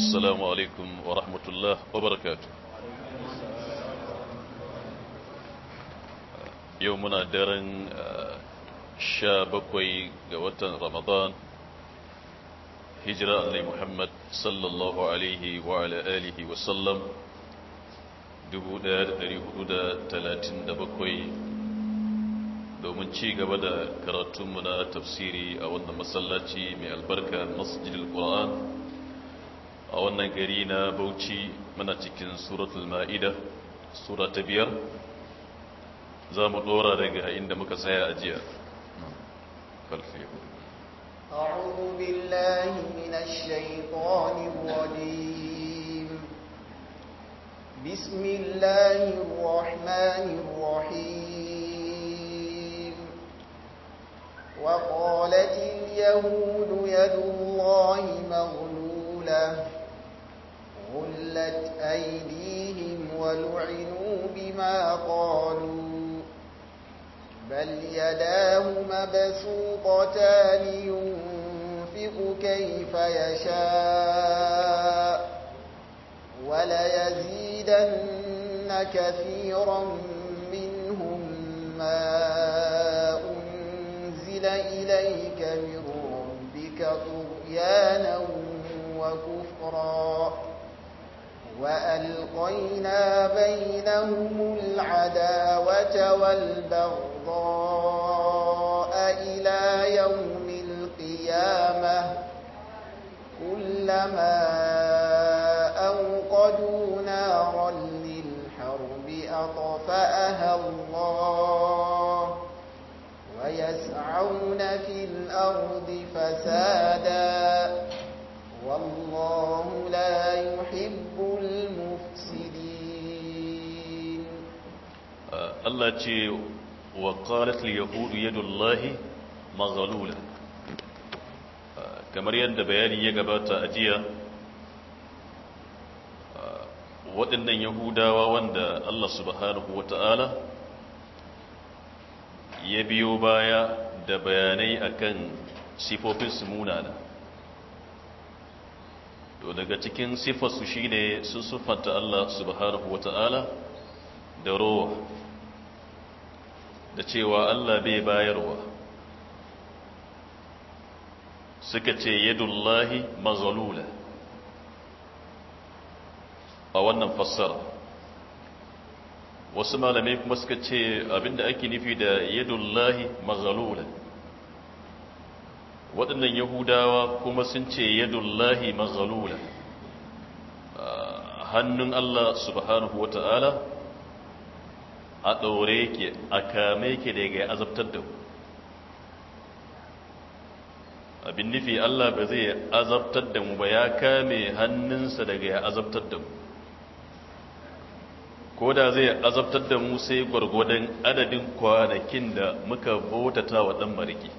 السلام عليكم ورحمة الله وبركاته يومنا درن شابكوي جوتن رمضان هجرة لمحمد صلى الله عليه وعلى آله وسلم dubu da ɗari hudu da talatin da bakwai domin ci gaba da karatunmu na tafsiri a wannan masallaci mai albarka masjidil qur'an a wannan gari na bauchi muna cikin suratul ma'ida sura ta biyar za mu dora daga inda muka tsaya a jiya أعوذ بالله من الشيطان الرجيم بسم الله الرحمن الرحيم وقالت اليهود يد الله مغلوله غلت أيديهم ولعنوا بما قالوا بل يداه مبسوطتان ينفق كيف يشاء وليزيدن كثيرا منهم ما أنزل إليك من ربك طغيانا وكفرا وألقينا بينهم العداوة والبغضاء إلى يوم القيامة كلما أوقدوا نارا للحرب أطفأها الله ويسعون في الأرض فسادا والله لا يحب Allah ce wa qalat yahudu yadullahi maghlula kamar yadda bayani ya gabata a jiya waɗannan yahudawa wanda Allah subhanahu ta'ala ya biyo baya da bayanai akan sifofin su munana to daga cikin sifarsu shine sun siffanta Allah subhanahu ta'ala da rowa da cewa Allah bai bayarwa suka ce yadullahi mazalula a wannan fassara wasu malamai kuma suka ce abinda ake nufi da yadullahi mazalula waɗannan yahudawa kuma sun ce yadullahi mazalula hannun Allah subhanahu wa ta'ala a ɗaure ke a kame ke daga ya azabtar da ku abin nufi Allah ba zai azabtar da mu ba ya kame hannunsa daga ya azabtar da mu ko da zai azabtar da mu sai gwargwadon adadin kwanakin da muka bautata wa ɗan mariki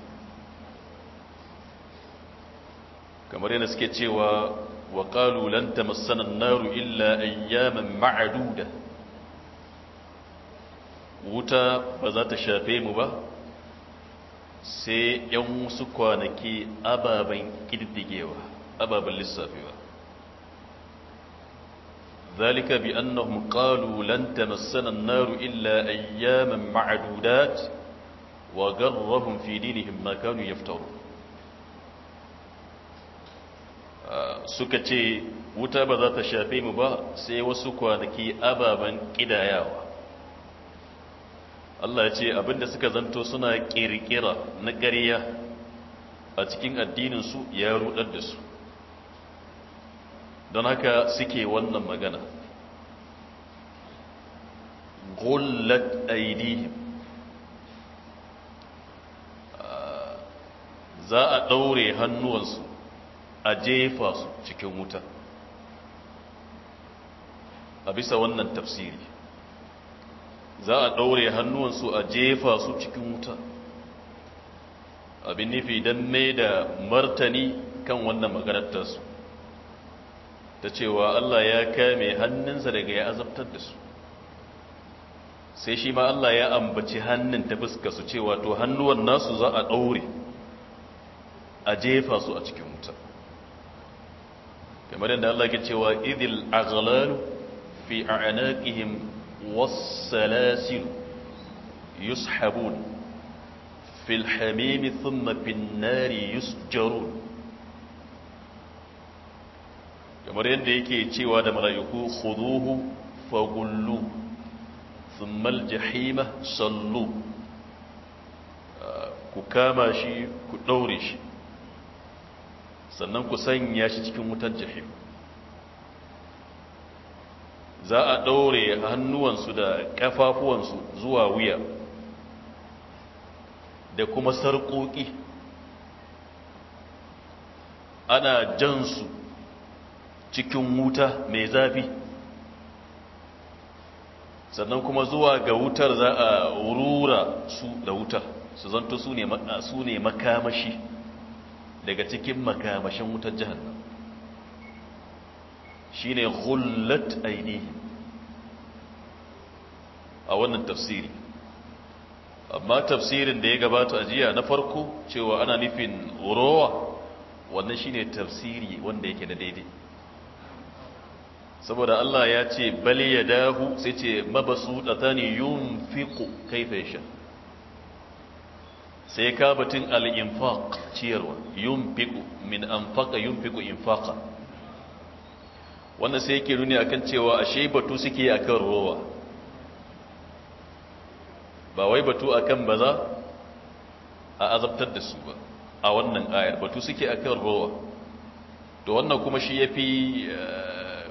kamar yana suke cewa wa ƙalulan masanan naru illa ayyaman ma'aduda wuta ba za ta shafe mu ba sai yan wasu kwanaki ababen ƙididdigewa ababen lissafewa ذلك lan قالوا لن naru illa ayyaman أياما معدودات وغرهم في دينهم ما كانوا يفترون suka ce wuta ba za ta shafe mu ba sai wasu kwanaki ababen ƙidayawa Allah ya ce abinda suka zanto suna kirkira na ƙarya a cikin addininsu ya rudar da su don haka suke wannan magana gullat aidihim za a ɗaure hannuwansu a jefa su cikin wuta a bisa wannan tafsiri za a ɗaure hannuwansu a jefa su cikin wuta abin nufi don mai da martani kan wannan maganartarsu ta cewa Allah ya kame hannunsa daga ya azabtar da su sai shi ma Allah ya ambaci hannun ta fuska su cewa to hannuwan nasu za a ɗaure a jefa su a cikin wuta kamar yadda Allah ke cewa idil aghlalu fi a'naqihim والسلاسل يسحبون في الحميم ثم في النار يسجرون kamar yadda yake cewa da mala'iku khuduhu fagullu thumma aljahima sallu ku kama shi ku daure shi sannan ku sanya shi cikin wutar jahima za a ɗaure hannuwansu da ƙafafuwansu zuwa wuya da kuma sarƙoƙi ana jansu cikin wuta mai zafi sannan kuma zuwa ga wutar za a rura su da wuta su zanto su ne makamashi daga cikin makamashin wutar jihannan shine ghullat ainihi a wannan tafsiri amma tafsirin da ya gabata a jiya na farko cewa ana nufin rowa wannan shine tafsiri wanda yake da daidai saboda Allah ya ce bal yadahu sai ce mabasu datani yunfiqu kaifa yasha sai ka batun al-infaq ciyarwa yunfiqu min anfaqa yunfiqu infaqa wannan sai yake nuni akan cewa ashe batu suke akan rowa ba wai batu akan baza a azabtar da su ba a wannan ayar batu suke akan rowa to wannan kuma shi yafi eh,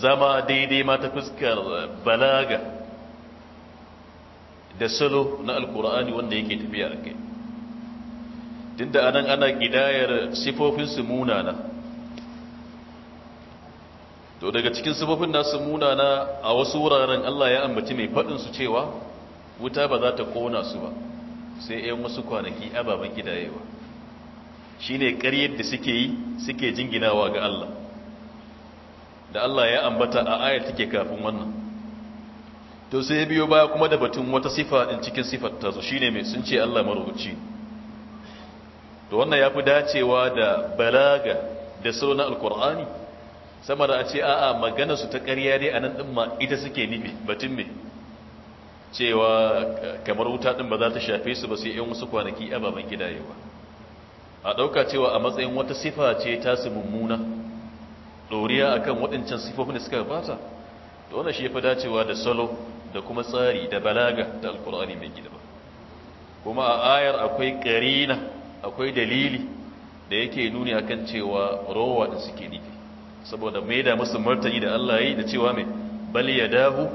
zama daidai ma ta fuskar balaga da salo na alkur'ani wanda yake tafiya a kai tunda anan ana gidayar sifofinsu munana to daga cikin sifofin nasu munana a wasu wuraren Allah ya ambaci mai faɗin su cewa wuta ba za ta kona su ba sai ɗayan wasu kwanaki ababen gidayewa shine ƙaryar da suke yi suke jinginawa ga Allah da Allah ya ambata a ayar take kafin wannan to sai biyo baya kuma da batun wata sifa din cikin sifar ta zo shine mai sun ce Allah marubuci to wannan fi dacewa da balaga da na alqur'ani saboda a ce a'a magana su ta ƙarya ne a nan ɗin ma ita suke nufi batun me cewa kamar wuta ɗin ba za ta shafe su ba sai yan wasu kwanaki a baban gidaye ba a ɗauka cewa a matsayin wata sifa ce ta su mummuna ɗoriya a kan waɗancan sifo da suka bata da wani shi dacewa da salo da kuma tsari da balaga da alkur'ani mai gida ba kuma a ayar akwai ƙarina akwai dalili da yake nuni akan cewa rowa da suke nufi saboda mai da musu martani da Allah yi da cewa mai bal ya dahu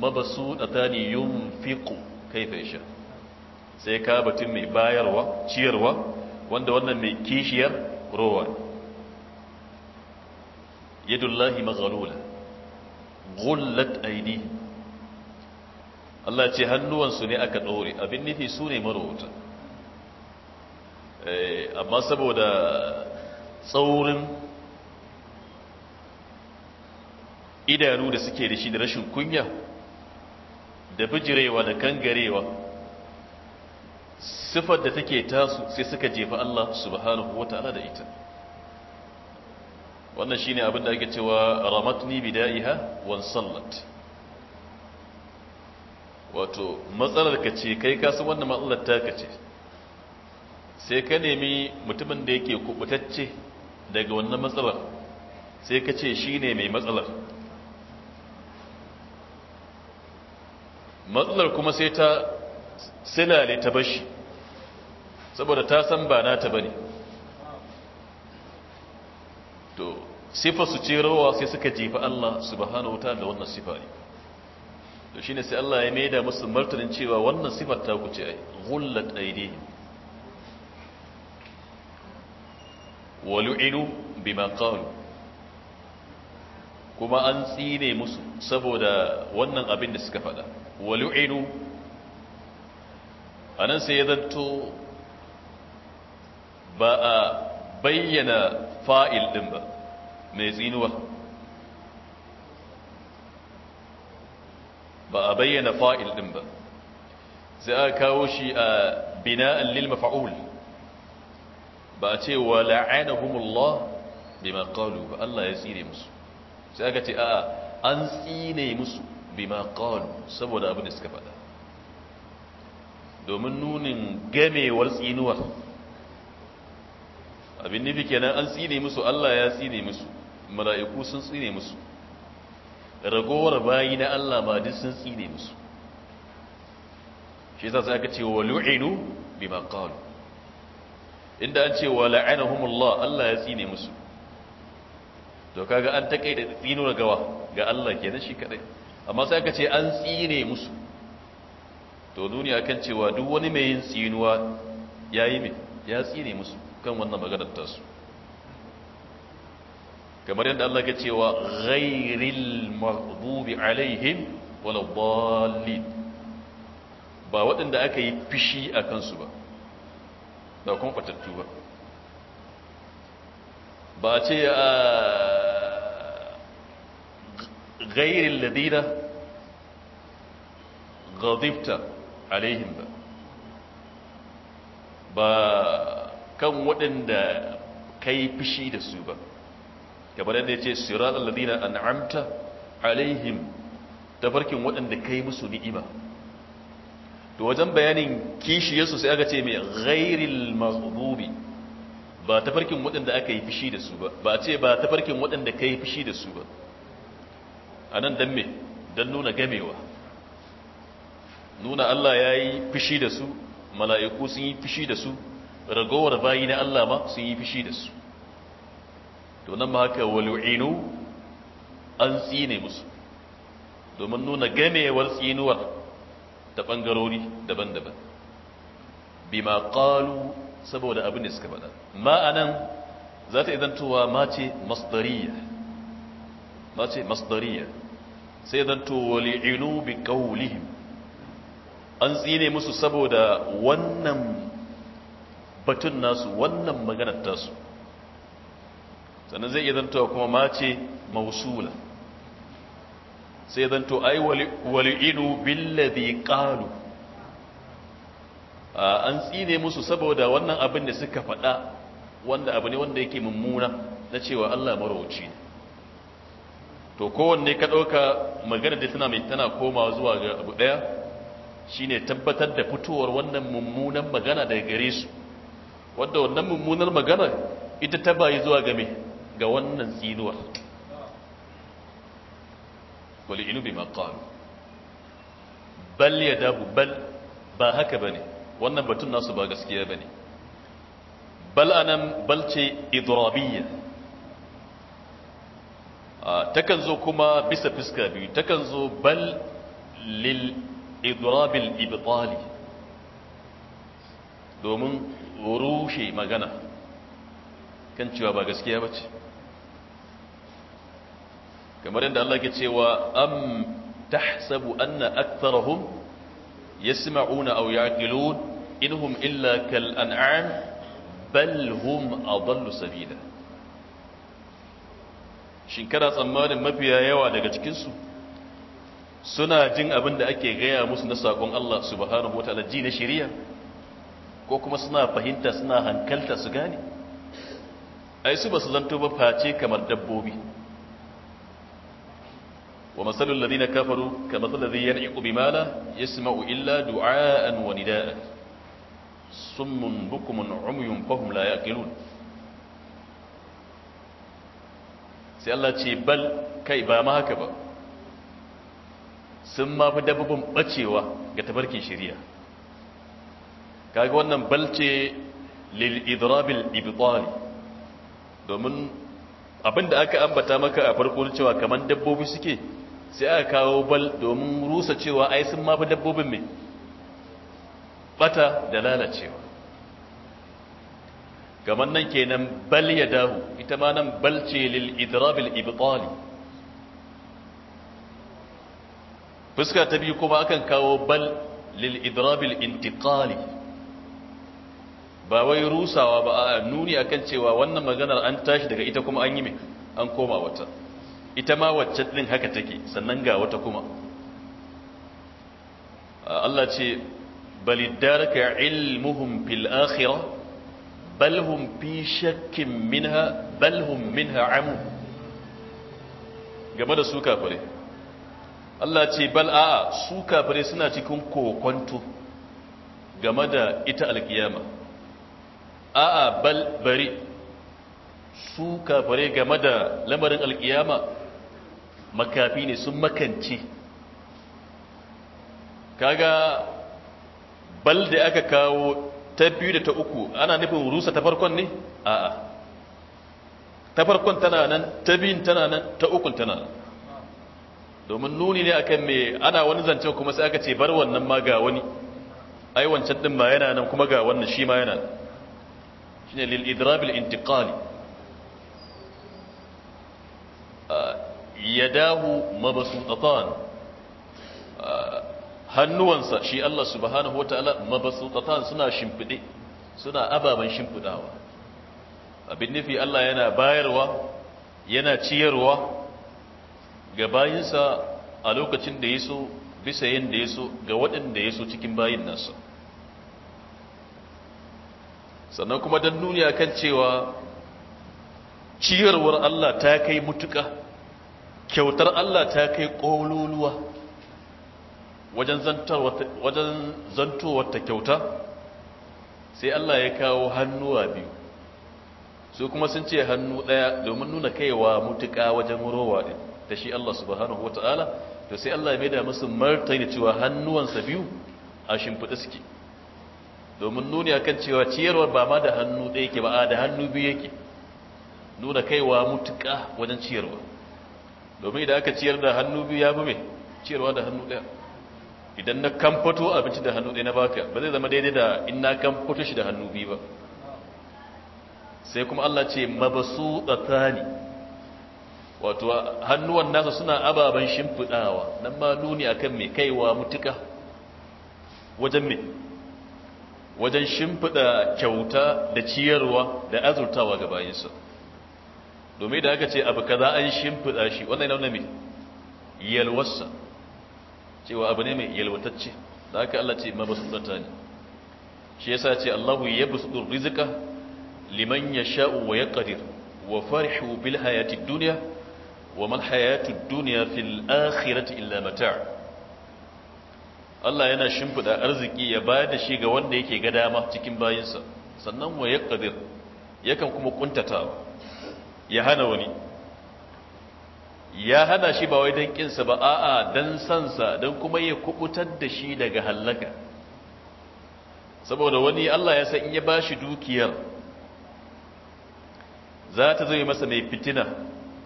mabasu da tani yun fiƙo kaifa isha sai ka batun mai bayarwa ciyarwa wanda wannan mai kishiyar rowa yadullahi mazalula gullat aidi Allah ce hannuwansu ne aka ɗore abin nufi su ne marowuta eh, amma saboda tsaurin idanu da suke da shi da rashin kunya da bijirewa da kangarewa sifar da take tasu sai suka jefa Allah subhanahu wata'ala da ita wannan shine abin da ake cewa ramatni bida'iha wan sallat wato matsalar ka ce kai san wannan matsalar ta ka ce sai ka nemi mutumin da yake kubutacce daga wannan matsalar sai ka ce shine mai matsalar matsalar kuma sai ta silale ta bashi saboda ta san ba nata bane to sifa su ce rawa sai suka jefa Allah subhanahu wa da wannan sifa ne to shine sai Allah ya maida musu martanin cewa wannan sifar ta kuce ce ai ghullat aydihim wa bima qalu kuma an tsine musu saboda wannan abin da suka faɗa walu'inu a nan sai ya zanto ba a bayyana fa'il ɗin ba mai tsinuwa ba a bayyana fa'il ɗin ba sai a kawo shi a bina'an lilma fa'ul ba a ce wa la'anahumullah bima qalu ba Allah ya tsire musu sai a aka ce a an tsine musu bima qalu saboda abin da suka faɗa domin nunin gamewar tsinuwar abin nufi kenan an tsine musu Allah ya tsine musu mala'iku sun tsine musu ragowar bayi na Allah ba duk sun tsine musu shi yasa sai aka ce wa lu'inu bima qalu inda an ce wa la'anahumullah Allah ya tsine musu to kaga an takaita tsinuwa gawa ga Allah kenan shi kadai amma sai aka ce an tsine musu to duniya kan cewa duk wani mai yin tsinuwa ya yi mai ya tsine musu kan wannan maganar tasu kamar yadda Allah ke cewa ghairil maghdubi alaihim wala dallin ba waɗanda aka yi fishi a kansu ba ba kuma fatattu ba ba ce a ah, ghairil ladina ghadibta alaihim ba ba kan waɗanda kai fishi da su ba kamar da ya ce siratal ladina an'amta alaihim tafarkin waɗanda kai musu ni'ima to wajen bayanin kishiyarsu sai aka ce mai ghairil maghdubi ba tafarkin waɗanda aka yi fishi da su ba ba a ce ba tafarkin waɗanda kai fishi da su ba a nan don me don nuna gamewa nuna Allah ya yi fishi da su mala'iku sun yi fishi da su ragowar bayi na Allah ma sun yi fishi da su to nan ma haka walu’inu an tsine musu domin nuna gamewar tsinuwar ta ɓangarori daban-daban bima ƙalu saboda abin da suka faɗa ma'anan za ta idantowa ma ce masdariya ba ce masdariya sai wali inu bi qawlihim an tsine musu saboda wannan batun nasu wannan maganar tasu sannan zai iya zanto kuma mace mausula sai to ai wali wali'inu billadhi qalu an tsine musu saboda wannan abin da suka faɗa wanda abu ne wanda yake mummuna na cewa Allah marauci ne to kowanne ka ɗauka magana da tana mai tana komawa zuwa ga abu ɗaya shi ne tabbatar da fitowar wannan mummunan magana daga gare su wadda wannan mummunar magana ita ta bayi zuwa game ga wannan tsinuwar wali inu bai maqalu bal ya dabu bal ba haka ba ne wannan batun nasu ba gaskiya ne bal anan bal ce idrabiyya Ah, takan zo kuma bisa fiska biyu takan zo bal lil idrabil ibtali domin rushe magana kan cewa ba gaskiya bace kamar yadda Allah ke cewa am tahsabu anna aktharahum yasma'una aw ya'qilun inhum illa kal an'am bal hum adallu sabila shin kana tsammanin mafiya yawa daga cikinsu suna jin abin da ake gaya musu na sakon Allah subhanahu wataala ji na shirya, ko kuma suna fahimta suna hankalta su gane ai su ba su zanto ba face kamar dabbobi wa masalul ladina kafaru kama alladhi yan'iqu bima la yasma'u illa du'aan wa nidaa'an summun bukumun umyun fahum ya yaqilun sai Allah ce bal kai ba ma haka ba sun ma fi dabbobin bacewa ga tabarkin shari'a kaga wannan bal ce lil idrabil ibtali domin abinda aka ambata maka a farko cewa kaman dabbobi suke sai aka kawo bal domin rusa cewa ai sun mafi fi dabbobin mai bata da lalacewa gaban nan kenan bal ya dahu ita ma nan bal ce lil idrabil ibtali fuska ta biyu kuma akan kawo bal lil idrabil intiqali ba wai rusawa ba a nuni akan cewa wannan maganar an tashi daga ita kuma an yi mai an koma wata ita ma wacce din haka take sannan ga wata kuma Allah ce baliddaraka ilmuhum fil akhirah bal hum fi shakkin minha bal hum minha amu game da su kafare Allah ce bal a'a su kafare suna cikin kokonto game da ita alkiyama a'a bal bari su kafare game da lamarin alkiyama makafi ne sun makanci kaga bal da aka kawo ta biyu da ta uku ana nufin rusa ta farkon ne a'a ta farkon tana nan ta biyun tana nan ta ukun tana nan domin nuni ne akan me ana wani zancen kuma sai aka ce bar wannan ma ga wani ai wancan din ma yana nan kuma ga wannan shi ma yana nan shine lil idrabil intiqali yadahu mabsutatan hannuwansa shi Allah subhanahu wataala mabasutatan suna shimfide suna ababan shimfidawa abin nufi Allah yana bayarwa yana ciyarwa ga bayinsa a lokacin da yaso bisa yin yanda yaso ga waɗanda ya so cikin bayin nasa sannan kuma dan duniya kan cewa ciyarwar Allah ta kai mutuka kyautar Allah ta kai ƙololuwa wajen zantowar ta kyauta sai Allah ya kawo hannuwa biyu su kuma sun ce hannu ɗaya domin nuna kaiwa mutuƙa wajen rowa ɗin da shi Allah subhanahu wa ta'ala to sai Allah ya maida musu martani cewa hannuwansa biyu a shimfiɗa suke domin nuni akan cewa ciyarwar ba ma da hannu ɗaya ke ba a da hannu biyu yake nuna kaiwa mutuƙa wajen ciyarwa domin idan aka ciyar da hannu biyu ya fi mai ciyarwa da hannu ɗaya idan na kamfato abinci da hannu ɗaya na baka ba zai zama daidai da in na kamfato shi da hannu biyu ba sai kuma Allah ce mabasu tsakani wato hannuwan nasa suna ababen shimfiɗawa nan ma nuni akan mai kaiwa mutuka wajen mai wajen shimfiɗa kyauta da ciyarwa da azurtawa ga bayansa domin da aka ce abu kaza an shimfiɗa shi wannan yana mai yalwarsa cewa abu ne mai yalwatacce da haka Allah ce mabsutata ne shi yasa ce Allahu yabsutur rizika. liman sha'u wa yaqdir wa farihu bil hayati dunya wa mal hayati dunya fil akhirati illa mata' Allah yana shimfida arziki ya bayar da shi ga wanda yake ga dama cikin bayinsa sannan wa yaqdir yakan kuma kuntatawa ya hana wani ya hana shi ba wai don kinsa ba a'a don sansa don kuma ya kubutar da shi daga hallaka saboda wani Allah ya san in ya bashi dukiyar za ta zai masa mai fitina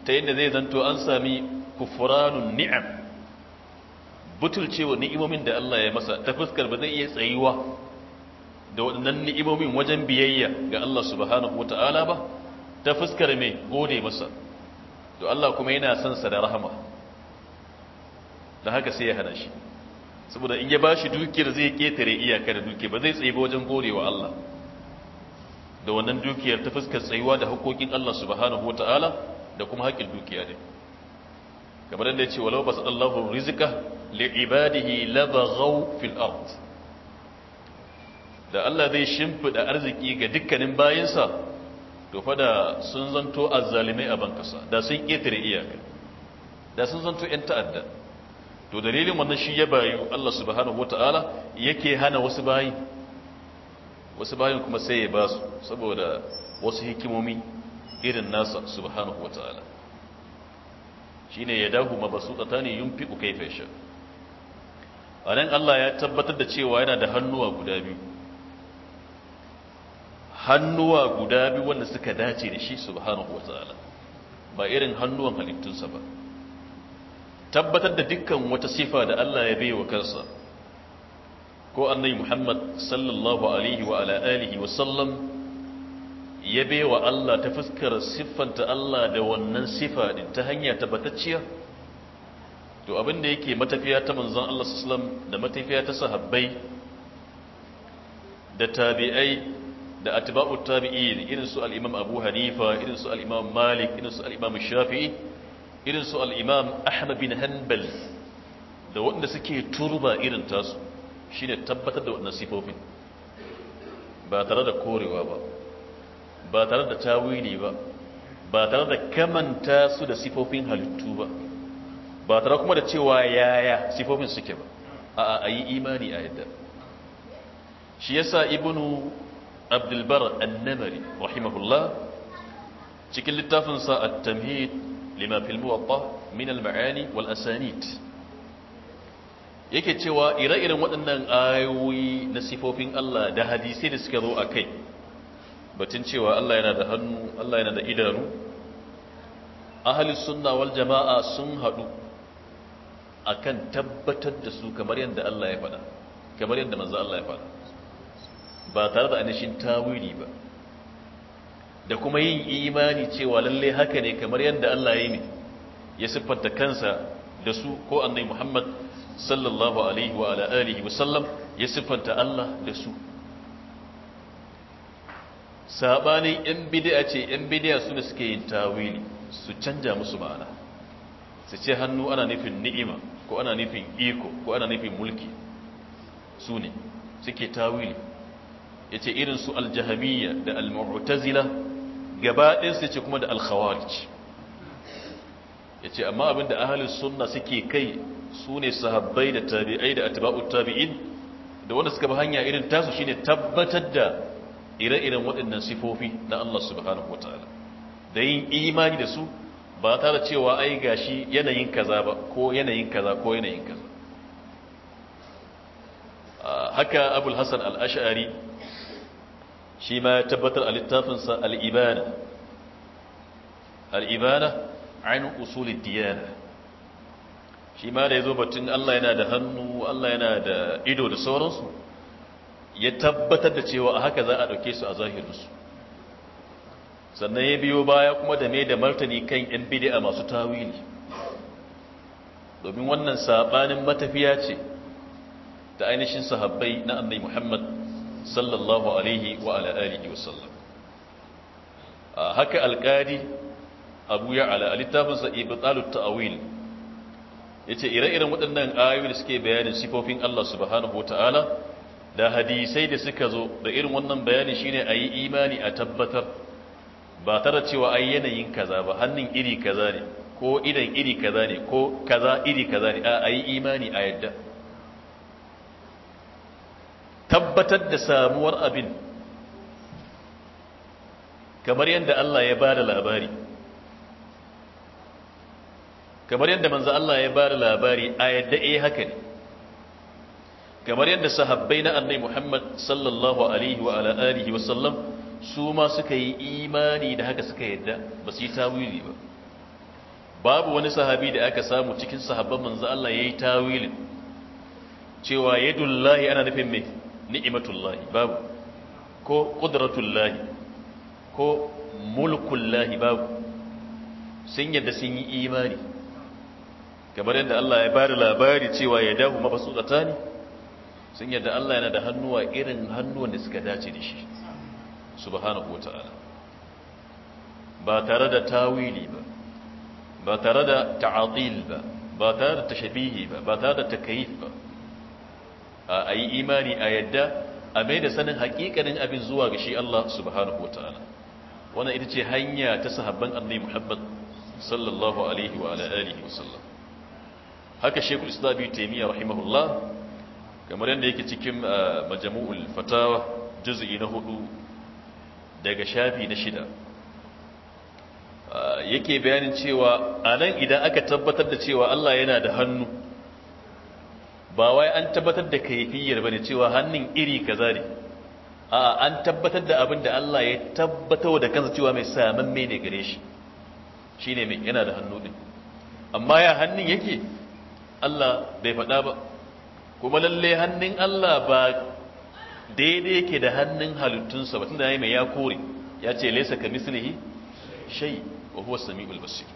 ta yadda zai zanto an sami kufuranun ni'am butulcewa ni'imomin da Allah ya masa ta fuskar ba zai iya tsayuwa da waɗannan ni'imomin wajen biyayya ga Allah subhanahu wata'ala ba ta fuskar mai gode masa to Allah kuma yana son sa da rahama da haka sai ya hana shi saboda in ya bashi dukiyar zai ketare iyaka da dukiya ba zai tsaye ba wajen gorewa Allah da wannan dukiyar ta fuskar tsayuwa da hukokin Allah subhanahu wata'ala da kuma haƙƙin dukiya ne kamar da ya ce walau basadallahu rizqa li ibadihi labaghaw fil ard da Allah zai shimfida arziki ga dukkanin bayinsa to fa da sun zanto azzalimai a bankasa da sun ƙetare iyaka da sun zanto 'yan ta'adda to dalilin wannan shi ya bayu Allah subhanahu wata'ala yake hana wasu bayi wasu bayin kuma sai ya ba su saboda wasu hikimomi irin nasa subhanahu wata'ala shine ya dahu mabasuɗata ne yun fi ukai fesha a nan Allah ya tabbatar da cewa yana da hannuwa guda biyu hannuwa guda biyu wanda suka dace da shi subhanahu wa ba irin hannuwan halittunsa ba tabbatar da dukkan wata sifa da Allah ya baiwa kansa ko annabi Muhammad sallallahu alaihi wa ala alihi wa sallam ya baiwa Allah ta fuskar siffanta Allah da wannan sifa din ta hanya tabbatacciya to abin da yake matafiya ta manzon Allah sallallahu alaihi da matafiya ta sahabbai da tabi'ai da atba'u tabi'in irin su al-imam Abu Hanifa irin su al-imam Malik irin su al-imam Shafi'i irin su al-imam Ahmad bin Hanbal da wanda suke turba irin tasu shine tabbatar da waɗannan sifofin ba tare da korewa ba ba tare da tawili ba ba tare da kamanta su da sifofin halittu ba ba tare kuma da cewa yaya sifofin suke ba A'a ayi imani a yadda shi yasa ibnu abdulbar annamari rahimahullah cikin littafinsa at-tamhid lima fil muwatta min al-ma'ani wal asanid yake cewa ire-iren waɗannan ayoyi na sifofin Allah da hadisai da suka zo kai batun cewa Allah yana da hannu Allah yana da idanu ahli sunna wal jama'a sun haɗu akan tabbatar da su kamar yadda Allah ya faɗa kamar yadda manzo Allah ya faɗa ba tare da anishin tawili ba da kuma yin imani cewa lalle haka ne kamar yadda Allah ya yi ne ya siffanta kansa da su ko annabi Muhammad sallallahu alaihi wa ala alihi wa sallam ya siffanta Allah da su sabanin yan bid'a ce yan bid'a su ne suke yin tawili su canja musu ma'ana su ce hannu ana nufin ni'ima ko ana nufin iko ko ana nufin mulki su ne suke tawili yace irin su al da al-mu'tazila gaba ɗayan ce kuma da al yace amma abinda ahalin sunna suke kai sune sahabbai da tabi'ai da atba'ut tabi'in da wanda suka ba hanya irin tasu shine tabbatar da ire-iren waɗannan sifofi na Allah subhanahu wataala da yin imani da su ba tare cewa ai gashi yanayin kaza ba ko yanayin kaza ko yanayin kaza ah, haka abul hasan al-ash'ari shi ma ya tabbatar a littafinsa al'ibana al'ibana ainihin usulun diyana shi ma da ya zo batun Allah yana da hannu Allah yana da ido da sauransu ya tabbatar da cewa a haka za a ɗauke su a zahirinsu sannan ya biyo baya kuma da mai da martani kan ‘yan bidi'a masu tawili domin wannan saɓanin matafiya ce da ainihin sahabbai na annai muhammad sallallahu alaihi wa ala alihi wa haka alkadi abu ya ala littafinsa ibtalut ta'wil yace ire-iren waɗannan ayoyin suke bayanin sifofin Allah subhanahu wataala da hadisai da suka zo da irin wannan bayani shine a yi imani a tabbatar ba tara cewa ai yanayin kaza ba hannun iri kaza ne ko idan iri kaza ne ko kaza iri kaza ne a ayi imani a yadda tabbatar da samuwar abin kamar yadda Allah ya ba da labari kamar yadda manzo Allah ya ba da labari a yadda eh haka ne kamar yadda sahabbai na annabi Muhammad sallallahu alaihi wa ala alihi wasallam su ma suka yi imani da haka suka yadda ba su yi tawili ba babu wani sahabi da aka samu cikin sahabban manzo Allah ya yi tawilin cewa yadullahi ana nufin me ni'matullahi babu ko ƙudratullahi ko mulkullahi babu sun yadda sun yi imani kamar yadda Allah ya bari labari cewa ya dahu mabasuɗata ne sun yadda Allah yana da hannuwa irin hannuwan da suka dace da shi subhanahu wata'ala ba tare da tawili ba ba tare da ta'atil ba ba tare da tashabihi ba ba tare da takyif ba a yi imani a yadda a mai da sanin hakikanin abin zuwa ga shi Allah subhanahu wa wataala wannan ita ce hanya ta sahabban annabi Muhammad sallallahu alaihi wa ala alihi wasallam haka Sheikhul Islam Ibn Taymiyyah rahimahullah kamar yadda yake cikin Majmu'ul Fatawa juz'i na 4 daga shafi na 6 yake bayanin cewa anan idan aka tabbatar da cewa Allah yana da hannu ba wai an tabbatar da kaifiyar bane cewa hannun iri kaza ne a an tabbatar da abin da Allah ya tabbatar da kansa cewa mai mai ne gare shi shine mai yana da hannu din amma ya hannun yake Allah bai faɗa ba kuma lalle hannun Allah ba daidai yake da hannun halittunsa ba tunda yayi mai ya kore ya ce laysa mislihi shay wa huwa samiul basir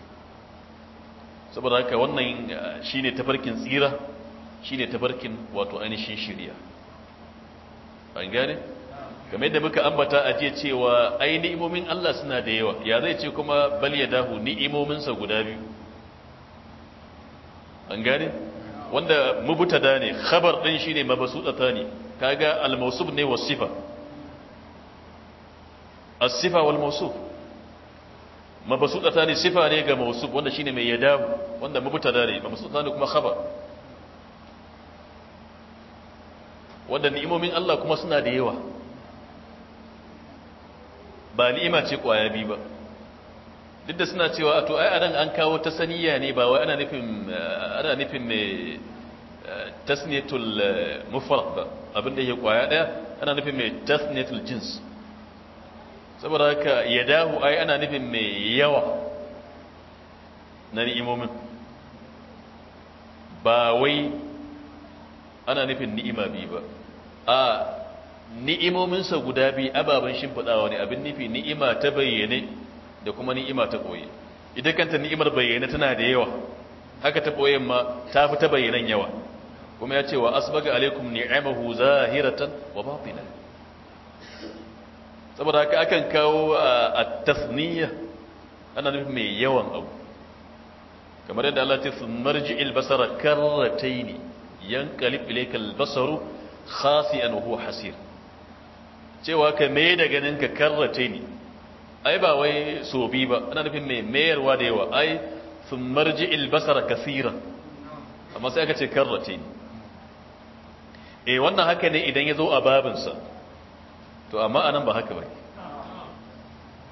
saboda haka wannan ah, shine tafarkin tsira shine tabarkin wato ainihin shiriya an gane game da muka ambata a jiya cewa ai ni'imomin Allah suna da yawa ya zai ce kuma bal ya dahu ni'imominsa guda biyu an gane wanda da ne khabar din shine mabsutata ne kaga al-mawsuf ne sifa as-sifa wal mawsuf mabsutata ne sifa ne ga mawsuf wanda shine mai yadahu wanda da ne mabsutata ne kuma khabar wadda ni'imomin Allah kuma suna da yawa ba ni'ima ce kwaya biyu ba duk da suna cewa to ai anan an kawo ta saniya ne ba wai ana nufin eh, ana nufin mai eh, tasniyatul eh, mufarrad ba abinda yake kwaya daya ana nufin mai tasniyatul jins saboda haka yadahu ai ana nufin mai yawa na ni'imomin ba wai ana nufin ni'ima biyu ba a ni'imominsa guda biyu ababen shimfiɗawa ne abin nufi ni'ima ta bayyane da kuma ni'ima ta ɓoye ita kanta ni'imar bayyane tana da yawa haka ta ɓoyen ma ta fi ta bayyanan yawa kuma ya ce wa asbaga alaikum ni'amahu zahiratan wa batina saboda haka akan kawo a tasniya ana nufi mai yawan abu kamar yadda Allah ta fi marji'il basara karrataini yanqalib ilayka al-basaru khasi'an wa huwa hasir cewa ka me da ganin ka karrate ni ai ba wai so bi ba ana nufin me mayarwa da yawa ai sun marji albasara kasira amma sai aka ce karrate ni eh wannan haka ne idan ya zo a babinsa to amma anan ba haka bane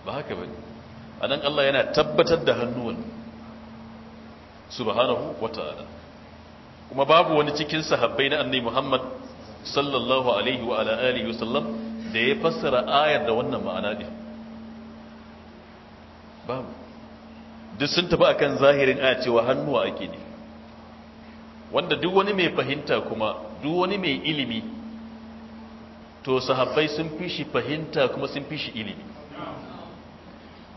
ba haka bane anan Allah yana tabbatar da hannuwan subhanahu wata'ala kuma babu wani cikin sahabbai na annabi Muhammad sallallahu alaihi wa ala alihi wasallam da ya fassara ayar da wannan ma'ana din babu duk sun tafi akan zahirin aya cewa hannuwa ake ne wanda duk wani mai fahimta kuma duk wani mai ilimi to sahabbai sun fi shi fahimta kuma sun fi shi ilimi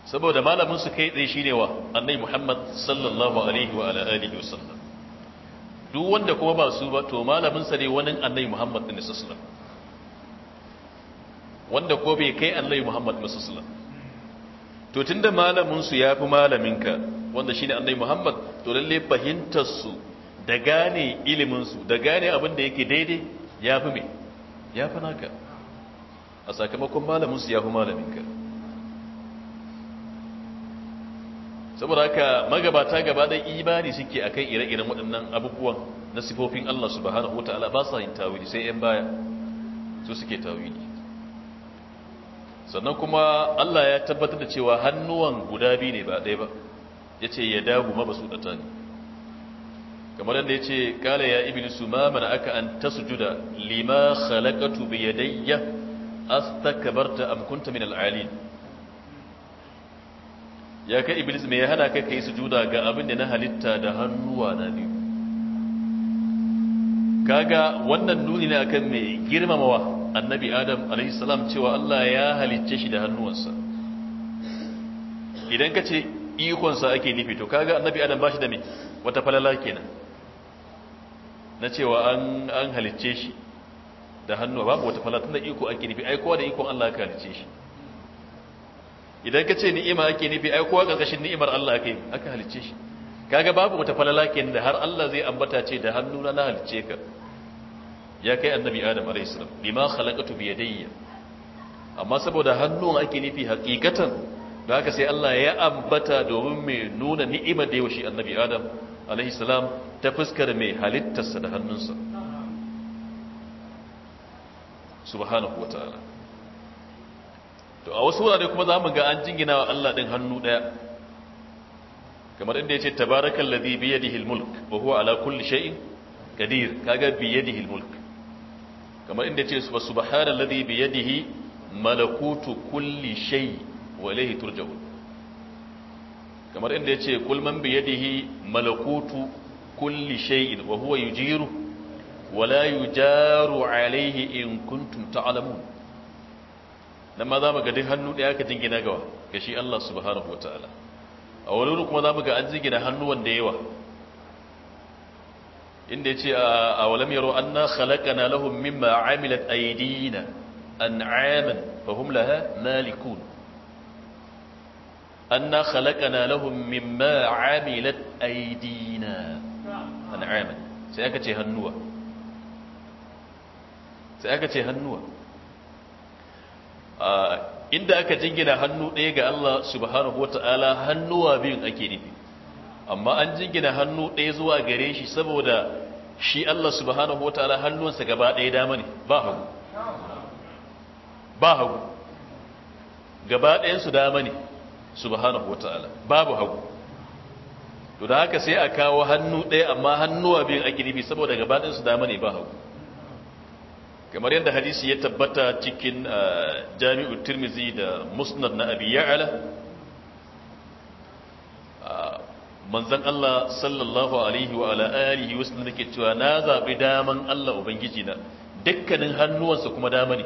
saboda malamin su kai tsaye shine wa annabi Muhammad sallallahu alaihi wa ala alihi wasallam duk wanda kuma ba su ba to malamin sa ne wani annabi Muhammad din sallallahu wanda ko bai kai annabi Muhammad ba sallallahu to tunda malamin su fi malamin ka wanda shine annabi Muhammad to lalle fahimtar su da gane ilimin su da gane abin da yake daidai ya fi me yafi naka a sakamakon malamin su fi malamin ka saboda haka magabata gaba da imani suke akan ire-iren waɗannan abubuwan na sifofin Allah subhanahu wataala ba sa yin tawili sai yan baya su suke tawili sannan kuma Allah ya tabbatar da cewa hannuwan guda biyu ne ba ɗaya ba yace ya dagu ma basu da tani kamar yadda yace kala ya iblisu ma mana aka an sujuda lima khalaqatu bi yadayya astakbarta am kunta min al-alin ya kai iblis me ya hana kai kai sujuda ga abin da na halitta da hannuwa na biyu kaga wannan nuni ne akan mai girmamawa annabi adam alaihi salam cewa Allah ya halicce shi da hannuwansa idan ka ce ikonsa ake nufi to kaga annabi adam ba shi da mai wata falala kenan na cewa an an halicce shi da hannuwa babu wata falala tunda iko ake nufi ai kowa da ikon Allah ka halicce shi idan ka ce ni'ima ake nufi ai kowa karkashin ni'imar Allah ake aka halice shi kaga babu wata falala kenan da har Allah zai ambata ce da hannu na halice ka ya kai annabi Adam alayhi salam bima khalaqatu bi yadayya amma saboda hannun ake nufi hakikatan da haka sai Allah ya ambata domin mai nuna ni'imar da yawashi annabi Adam alayhi salam ta fuskar mai halittarsa da hannunsa subhanahu ta'ala. to a wasu wurare kuma za mu ga an jingina wa Allah din hannu daya kamar inda yace tabarakan ladhi bi yadihi almulk wa huwa ala kulli shay'in qadir kaga bi yadihi almulk kamar inda yace subhanal ladhi bi yadihi malakutu kulli shay wa ilayhi turja'un kamar inda yace kul man bi yadihi malakutu kulli shay'in wa huwa yujiru wa la yujaru alayhi in kuntum ta'lamun dan ma za mu ga duk hannu ɗaya ka jingina gawa ga shi Allah subhanahu wa ta'ala a wani wuri kuma za mu ga an jingina hannu wanda yawa inda ya ce a walam yaro an na na lahun mimma amilat aidina an aiman fahim laha malikun an na khalaqana lahum mimma amilat aydina an sai aka ce hannuwa sai aka ce hannuwa inda aka jingina hannu ɗaya ga Allah subhanahu wata'ala hannuwa biyun ake nufi amma an jingina hannu ɗaya zuwa gare shi saboda shi Allah subhanahu wata'ala hannunsa gaba ɗaya dama ne ba hagu ba hagu gaba su dama ne subhanahu wata'ala babu hagu to da haka sai a kawo hannu ɗaya amma hannuwa biyun ake nufi saboda gaba su dama ne ba hagu kamar yadda hadisi ya tabbata cikin uh, jami'ul tirmizi da musnad na abi ya'ala uh, manzon Allah sallallahu alaihi wa ala alihi wasallam yake cewa na zabi daman Allah ubangiji na dukkanin hannuwansa kuma dama ne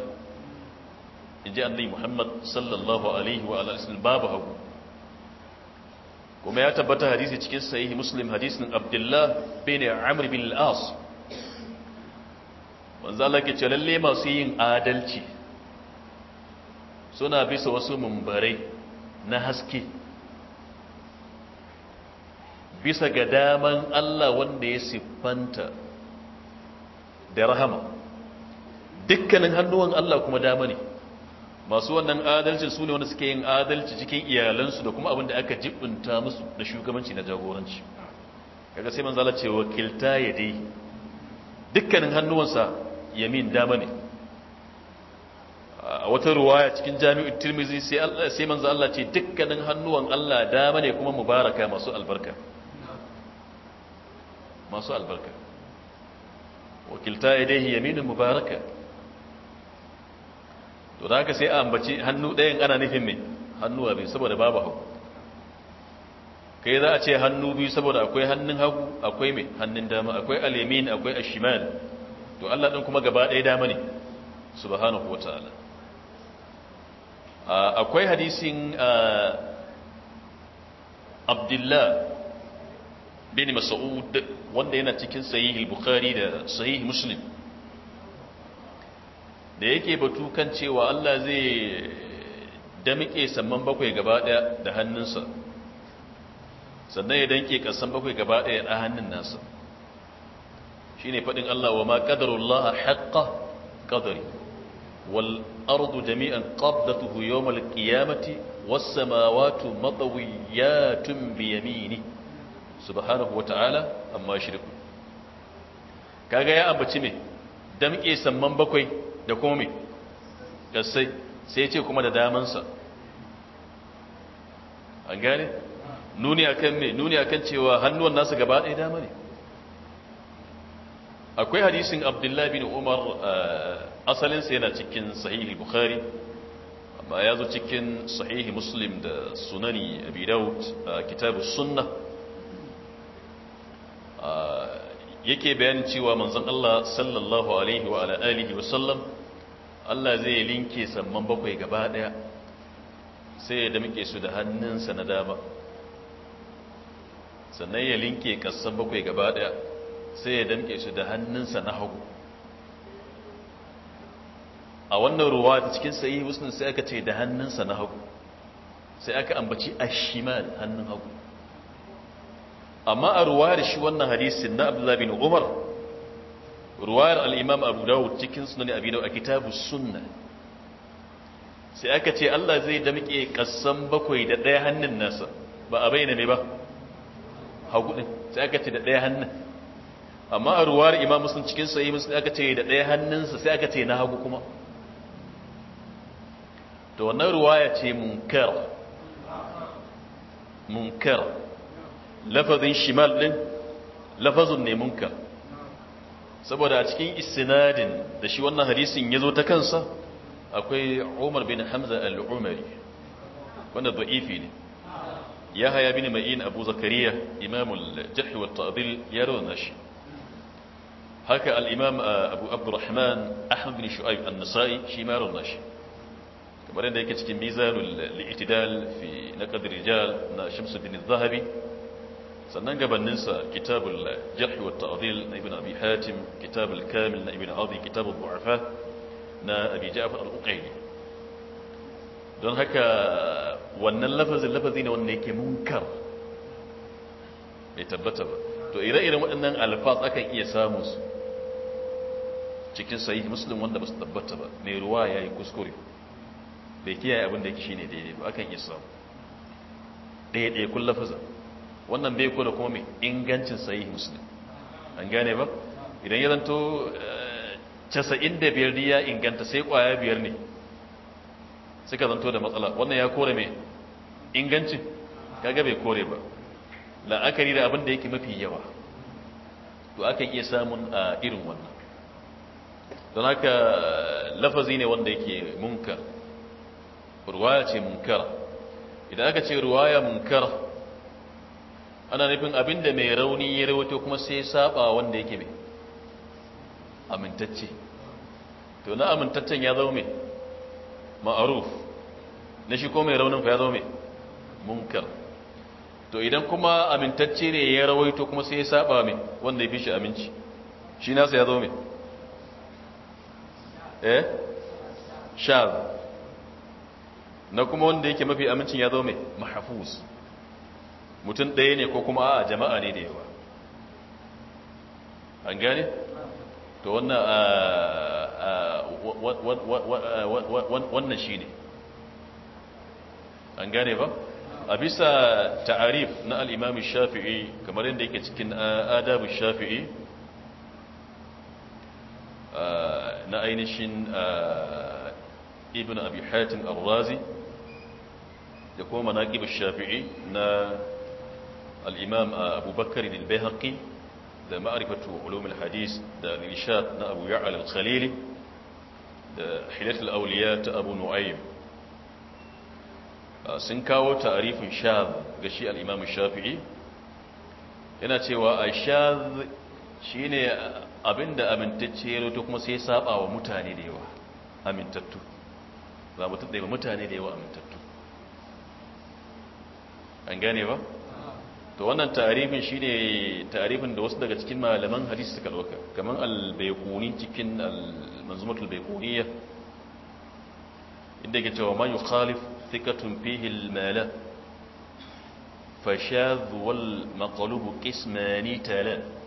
inji annabi Muhammad sallallahu alaihi wa ala alihi babu hagu kuma ya tabbata hadisi cikin sahihi muslim hadisin Abdullah bin Amr bin al-As manzo Allah ke cilalle masu yin adalci suna bisa wasu mumbarai na haske bisa ga daman Allah wanda ya siffanta da rahama dukkanin hannuwan Allah kuma dama ne masu wannan adalci su ne wanda suke yin adalci cikin iyalansu da kuma abin da aka jibinta musu da shugabanci na jagoranci kaga sai manzala ce wakilta ya dai dukkanin hannuwansa yamin dama ne a wata ruwaya cikin jami'ul tirmizi sai Allah manzo Allah ce dukkanin hannuwan Allah dama ne kuma mubaraka masu albarka masu albarka wakilta yadayhi yaminun mubaraka to da haka sai a ambaci hannu ɗayan ana nufin mai hannuwa biyu saboda babu hau kai za a ce hannu biyu saboda akwai hannun hagu akwai mai hannun dama akwai alimin akwai ashimal to Allah ɗin kuma gaba ɗaya dama ne subhanahu ta'ala. Ah, akwai hadisin ah, Abdullah bin Mas'ud wanda yana cikin sahih bukhari da sahih Muslim da yake batu kan cewa Allah zai damike samman bakwai gaba ɗaya da hannunsa sannan ya danke kasan bakwai gaba ɗaya da hannun nasa ne faɗin Allah wa ma qadarullah haqqa haƙa wal walardu jami'an qabdatuhu yawm al qiyamati was ya matawiyatun bi yamini subhanahu wa ta'ala amma shirku kaga ya ambaci me damƙe samman bakwai da kuma me kasai sai ce kuma da damansa an gane nuni akan me nuni akan cewa hannuwan nasa gaba ɗaya dama ne akwai hadisin abdullahi bin umar eh, asalinsa yana cikin sahihi bukhari amma ya zo cikin sahihi muslim da sunani abi a eh, kitabu sunna eh, yake bayanin cewa manzon Allah sallallahu alaihi wa ala alihi wa sallam Allah zai linke samman bakwai gaba daya sai ya damke su da hannunsa na dama sannan ya linke kassan bakwai gaba daya sai ya danke shi da hannunsa na hagu a wannan ruwa ta cikin sayi muslim sai aka ce da hannunsa na hagu sai aka ambaci a da hannun hagu amma a da shi wannan hadisin na abu bin umar ruwayar al'imam abu dawud cikin sunan abu dawud a kitabu sunna sai aka ce allah zai damƙe ƙasan bakwai da ɗaya hannun nasa ba a bayyana ne ba hagu ɗin sai aka ce da ɗaya hannun amma a ruwar imam muslim cikin sahih muslim aka ce da ɗaya hannunsa sai aka ce na hagu kuma to wannan ruwaya ce munkar munkar lafazin shimal din lafazin ne munkar saboda a cikin isnadin da shi wannan hadisin ya zo ta kansa akwai Umar bin Hamza al-Umari wanda da'ifi ne ya haya bin ma'in Abu Zakariya imamul jahl wa ta'dil ya rawana shi هكا الإمام آه، أبو عبد الرحمن أحمد بن شؤيب النسائي شمار الناشي كمان ده كتير ميزان الاعتدال في نقد الرجال نا شمس بن الذهبي سننجا بننسى كتاب الجرح نا ابن أبي حاتم كتاب الكامل نا ابن عاضي كتاب الضعفاء نا أبي جعفر الأقيلي دون هكا وان اللفظ اللفظين وان يكي منكر يتبتب تو إذا إذا وان الفاظ أكا إيسامس إيه cikin sahih muslim wanda ba su tabbata ba mai ruwa ya yi kuskure bai kiyaye abin da kishi ne daidai ba akan iya samu ɗaya kun lafaza wannan bai ko da kuma mai ingancin sahih muslim an gane ba idan ya zanto eh, casa'in da biyar ya inganta sai kwaya biyar ne suka zanto da matsala wannan ya kore mai ingancin kaga bai kore ba la'akari da abin da yake mafi yawa to akan iya samun a eh, irin wannan don haka lafazi ne wanda yake munkar ruwaya ce munkar. idan aka ce ruwaya munkar, ana nufin abinda mai rauni ya rawato kuma sai saba wanda yake mai amintacce to na amintaccen ya zaume ma'aruf na shi ko mai raunin fa ya zaume munkar to idan kuma amintacce ne ya rawaito kuma sai ya saba mai wanda ya fi shi aminci shi nasa ya zaume eh shab na kuma wanda yake mafi amincin ya zo mai mahfuz mutum daya ne ko kuma a jama'a ne da yawa an gane to wannan shi ne an gane ba a bisa ta'arif na al-imam shafi'i kamar yadda yake cikin ah, adabu shafi'i na ainihin ibn abi hatim ar razi da kuma manaqib ash shafi'i na al-imam abu bakr al-bayhaqi da ma'rifatu ulum al hadith da nishat na abu ya'la al-khalili da hilat al-awliya ta abu nu'aym sun kawo ta'arifin shadh ga shi al-imam ash shafi'i yana cewa ash shadh Shi shine abinda amintacce ya roto kuma sai ya saba wa mutane da yawa amintattu za mu ɗaya ba mutane da yawa amintattu an gane ba to wannan tarifin ne tarifin da wasu daga cikin malaman hadisi suka dauka kaman al-bayquni cikin al-manzumatul bayquniyya inda yake cewa man yukhalif thiqatun fihi mala fashadh wal maqlub kismani tala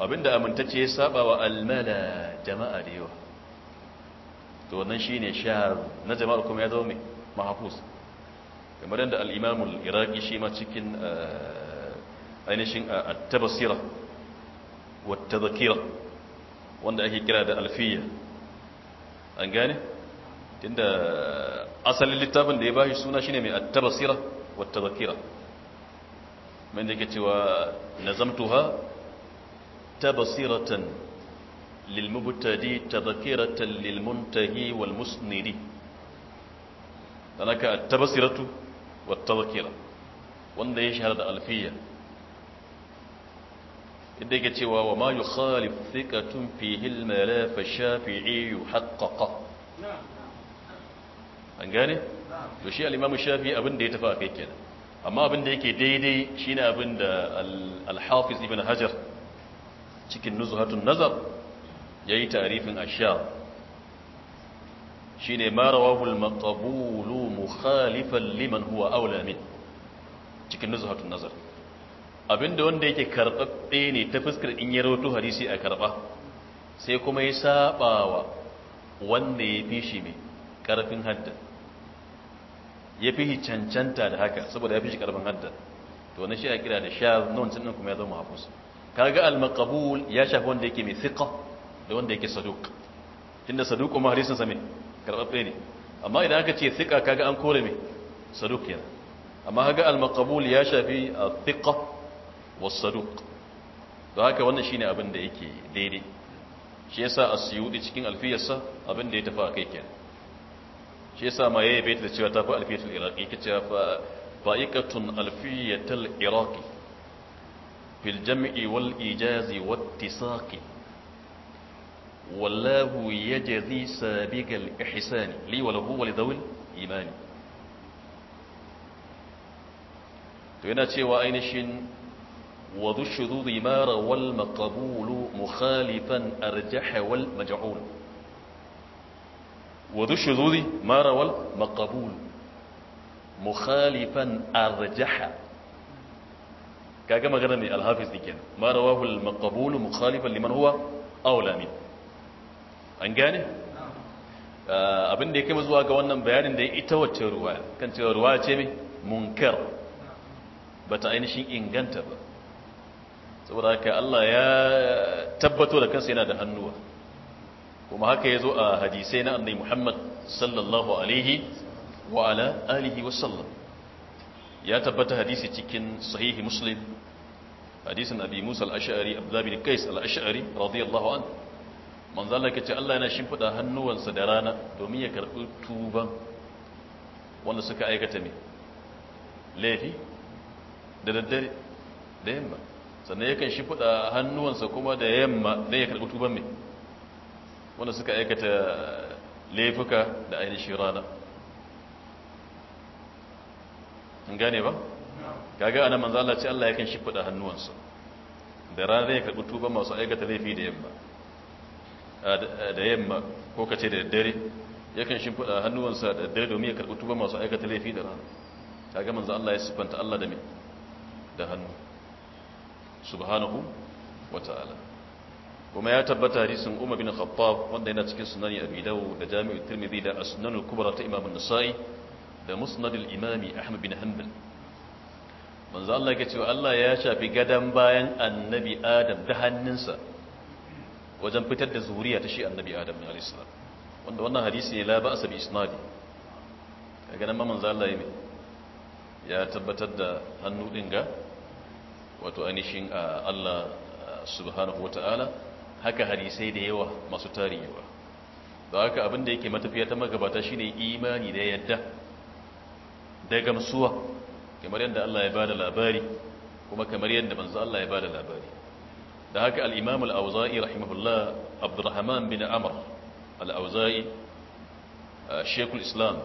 abinda amintacce ya saba wa almala jama'a da yawa to wannan shine shahar na jama'a kuma ya zama mai mahafuz kamar yadda al-imam al-iraqi shi ma cikin eh, ainihin eh, at-tabsira wa tadhkira wanda ake kira da alfiya an gane tunda asalin littafin da ya bashi suna shine mai at-tabsira wa tadhkira man yake cewa nazamtuha تبصيرة للمبتدي تذكرة للمنتهي والمسند هناك التبصيرة والتذكرة وانده يشهر هذا الفية إذا كتوا وما يخالف ثقة فيه الملاف الشافعي حقق نعم أنقاني لشيء الإمام الشافعي أبن دي تفاقي أما أبن دي كي دي دي شين أبن الحافظ ابن هجر cikin nuzhatun nazar yayi tarifin ashar shine ma rawahu al mukhalifan liman huwa aula min cikin nuzhatun nazar abinda wanda yake karbabbe ne ta fuskar in ya rawato hadisi a karɓa sai kuma ya saɓawa wanda ya fi shi mai hadda ya fi cancanta da haka saboda ya fi shi karfin hadda to wani shi ya kira da sha nan din kuma ya zama hafus kaga al-maqbul ya shafi wanda yake mai thiqa da wanda yake saduq tunda saduq kuma hadisin sa me karbabbe ne amma idan aka ce thiqa kaga an kore me saduq yana amma kaga al-maqbul ya shafi thiqa was-saduq don haka wannan shine abin da yake daidai shi yasa asyudi cikin alfiyarsa abin da ya tafi akai kenan shi yasa ma yayi baita da cewa tafi alfiyatul iraqi kace fa fa'iqatun alfiyatul iraqi في الجمع والإيجاز والتساق والله يجزي سابق الإحسان لي وله ولذوي الإيمان تينا تيوى أينشين وذو الشذوذ مار والمقبول مخالفا أرجح والمجعول وذو الشذوذ مار والمقبول مخالفا أرجح kaga magana mai alhafis ne kenan ma rawahu al-maqbul mukhalifan liman huwa aula min an gane ah, abin da ya kai zuwa ga wannan bayanin da ya ita wacce ruwaya kan cewa ruwaya ce mai munkar bata ainihin inganta ba saboda haka Allah ya tabbato da kansa yana da hannuwa kuma haka ya zo a hadisai na annabi Muhammad sallallahu alaihi wa ala alihi wa sallam ya tabbata hadisi cikin sahihi muslim hadisin abi musa al-ash'ari abdullahi bin qais al-ash'ari radiyallahu anhu manzo Allah kace Allah yana shimfida hannuwansa da rana domin ya karbi tuban wanda suka aikata me laifi da daddare da yamma sannan yakan shimfida hannuwansa kuma da yamma dan ya karbi tuban me wanda suka aikata laifuka da ainihin rana in gane ba kaga ana manzo Allah ce Allah yakan shimfida hannuwansa da rana ya karbi tuba masu aikata laifi da yamma da yamma ko kace da daddare yakan shimfida hannuwansa da daddare domin ya karbi tuba masu aikata laifi da rana kaga manzo Allah ya sifanta Allah da me da hannu subhanahu wataala kuma ya tabbata hadisin Umar bin Khattab wanda yana cikin sunani Abi Dawud da Jami'u Tirmidhi da Asnanul kubra ta Imam An-Nasa'i da musnadul imami ahmad bin hanbal manzo Allah ya ce Allah ya shafi gadan bayan annabi adam da hannunsa wajen fitar da zuriya ta shi annabi adam ne alayhi salam wanda wannan hadisi ne la ba'sa bi isnadi kaga nan manzo Allah ya ya tabbatar da hannu din ga wato anishin Allah subhanahu wataala haka hadisai da yawa masu tarihi ba da haka abin da yake matafiya ta magabata shine imani da yadda da gamsuwa kamar yadda Allah ya bada labari kuma kamar yadda manzo Allah ya bada labari da haka al-Imam al-Auza'i rahimahullah Abdurrahman bin Amr al-Auza'i Sheikhul Islam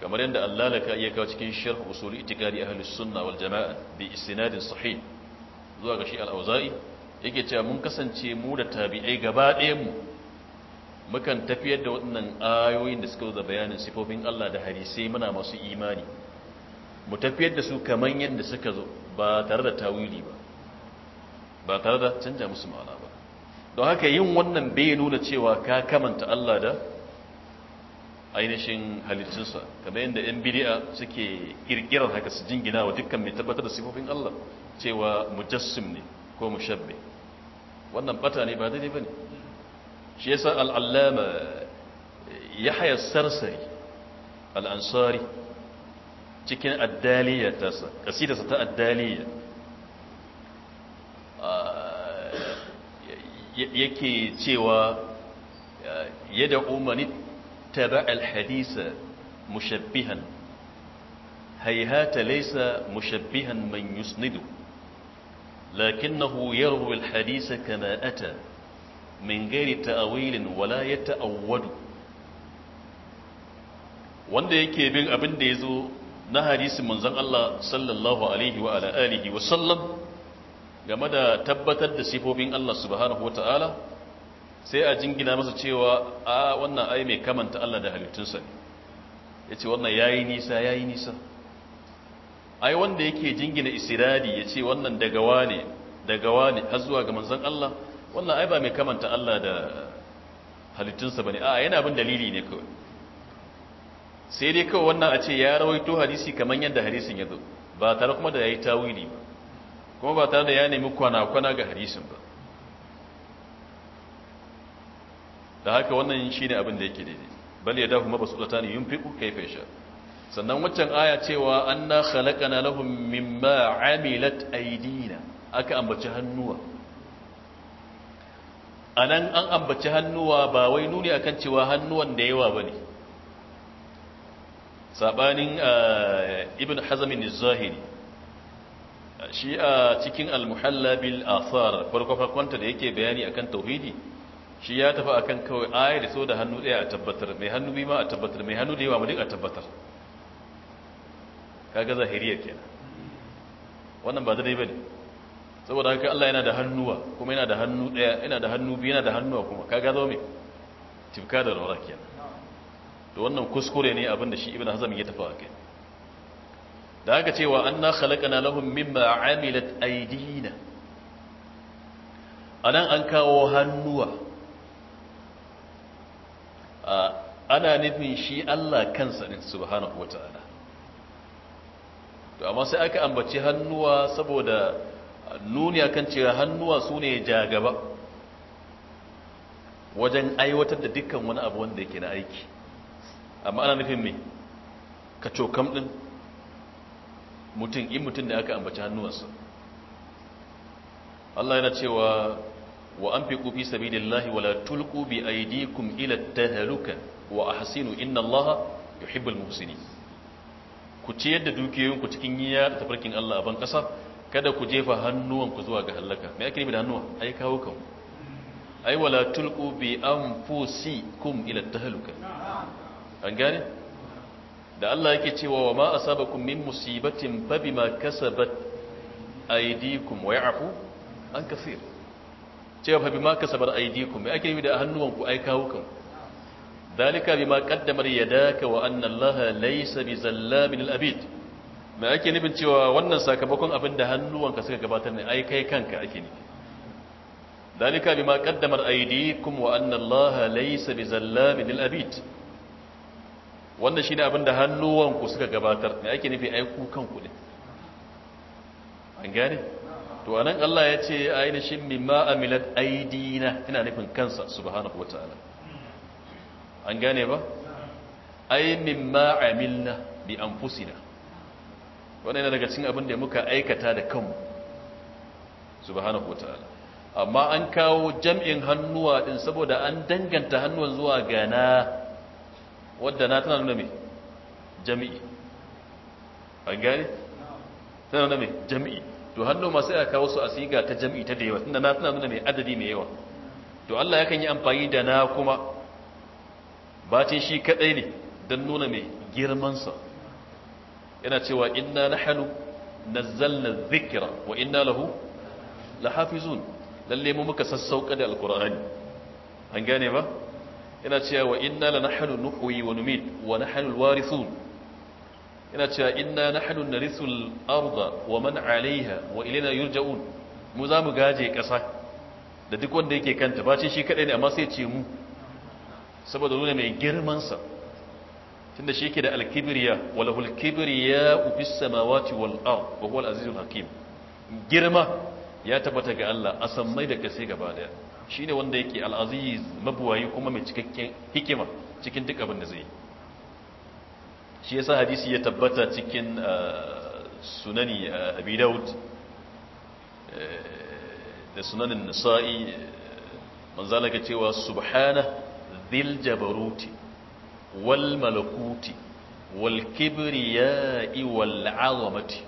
kamar yadda Allah laka iya kawo cikin sharh usul itikadi ahlus sunna wal jamaa bi isnadin sahih zuwa ga shi al-Auza'i yake cewa mun kasance mu da tabi'ai gaba ɗaya mu mukan tafiyar da waɗannan ayoyin da suka zo da bayanin sifofin Allah da hadisi muna masu imani mu tafiyar da su kamar yadda suka zo ba tare da tawili ba ba tare da canja musu ma'ana ba don haka yin wannan bai nuna cewa ka kamanta Allah da ainihin halittunsa kamar yadda 'yan bidi'a suke kirkirar haka su jingina wa dukkan mai tabbatar da sifofin Allah cewa mujassim ne ko mushabbe wannan bata ne ba daidai ba ne shi yasa al'allama ya haya sarsari al'ansari cikin addaliya tasa kasidarsa ta addaliya yake cewa yada umarni taba alhadisa mushabbihan haihata laisa mushabbihan man yusnidu لكنه يروي الحديث كما أتى من غير تأويل ولا يتأود wanda yake bin abin da ya zo na hadisin manzan Allah sallallahu alaihi wa ala’alihi wa sallam game da tabbatar da sifofin Allah subhanahu ta'ala, sai a jingina masa cewa a wannan ai mai kamanta Allah da halittunsa ne ce wannan yi nisa yi nisa ai wanda yake jingina isiradi ce wannan daga wane daga wane har zuwa ga manzan Allah wannan ai ba mai kamanta Allah da halittunsa ba ne. a yana bin dalili ne kawai sai dai kawai wannan a ce ya rawaito hadisi kamar yadda hadisin ya zo ba tare kuma da ya yi tawili ba kuma ba tare da ya nemi kwana-kwana ga hadisin ba da haka wannan shi ne abin da yake daidai bal ya dahu mabasu da ne yin fiƙo kaifai sha sannan waccan aya cewa an na na lahun mimma amilat aidina aka ambaci hannuwa a nan an ambaci hannuwa ba wai nuni akan cewa hannuwan da yawa ba ne sabanin ah, ibn hazamin zahiri ah, shi a ah, cikin Almuhallabil Asar bil athar farko da yake bayani akan tauhidi shi ya tafi akan kawai ayi da so da hannu daya a tabbatar mai hannu bi ma a tabbatar mai hannu da yawa mu duk a tabbatar kaga zahiriya kenan wannan ba dai bane saboda haka Allah yana da hannuwa kuma yana da hannu daya yana da hannu biyu yana da hannuwa kuma kaga zo me tifka da rawar kenan to wannan kuskure ne abin shi ibn hazm ya tafi akai da haka cewa anna khalaqana lahum mimma amilat aydina anan an kawo hannuwa ana nufin shi Allah kansa ne subhanahu wataala to amma sai aka ambaci hannuwa saboda nuni akan cewa hannuwa sune jagaba wajen aiwatar da dukkan wani abu wanda yake na aiki amma ana nufin me ka cokam din mutum in mutum da aka ambaci hannuwansa Allah yana cewa wa an fi da sabilillahi wala tulqu bi aydikum ila at-tahluka wa hasinu inna Allaha yuhibbul muhsinin ku ciyar yadda dukiyoyinku cikin yiya tafarkin Allah a ban kasa kada ku jefa hannuwanku zuwa ga halaka me ake nufi da hannuwa ai kawo kan ai wala tulqu bi an anfusikum ila at-tahluka an gane da Allah yake cewa wa ma asabakum min musibatin fa bima kasabat aydikum wa ya'fu an kaseer cewa fa bima kasabat aydikum ake yi da hannuwanku ai kawukan dalika bima qaddamar yadaka wa anna Allah laysa bizallamin al-abid me ake nufin cewa wannan sakamakon abin da hannuwanka suka gabatar ne ai kai kanka ake ne dalika bima qaddamar aydikum wa anna Allah laysa bizallamin al-abid wanda shi ne abinda hannuwanku suka gabatar ne ake nufi aiku kanku ne an gane to anan Allah ya ce ainihin mimma amilat aidina ina nufin kansa subhanahu wataala an gane ba ai mimma amilna bi anfusina wannan yana daga cikin abin da muka aikata da kanmu subhanahu wataala amma an kawo jam'in hannuwa din saboda an danganta hannuwan zuwa gana. wadda na tana nuna mai jami'i an gane tana nuna mai jami'i to hannu masu ya kawo su a siga ta jami'i ta da yawa tunda na tana nuna mai adadi mai yawa to Allah yakan yi amfani da na kuma bacin shi kadai ne don nuna mai girmansa yana cewa inna nahnu nazzalna dhikra wa inna lahu lahafizun lalle mu muka sassauka da alqur'ani an gane ba yana cewa wa inna la nahnu nuhyi wa numit wa nahnu alwarithun yana cewa inna nahnu narithu arda wa man 'alayha wa ilayna yurja'un mu za mu gaje kasa da duk wanda yake kanta ba ce shi kadai ne amma sai ce mu saboda nuna mai girman sa tunda shi yake da al-kibriya wa lahul kibriya fis samawati wal ard wa huwa al-azizul hakim girma ya tabbata ga Allah a sammai da kasai gaba daya shine wanda yake al'aziz mabuwayi kuma mai cikakken hikima cikin duk abin da zai shi yasa hadisi ya tabbata cikin uh, sunani uh, abi daud uh, da sunanin nisa'i manzala ka cewa subhana dhil jabaruti wal malakuti wal kibriya'i wal 'azamati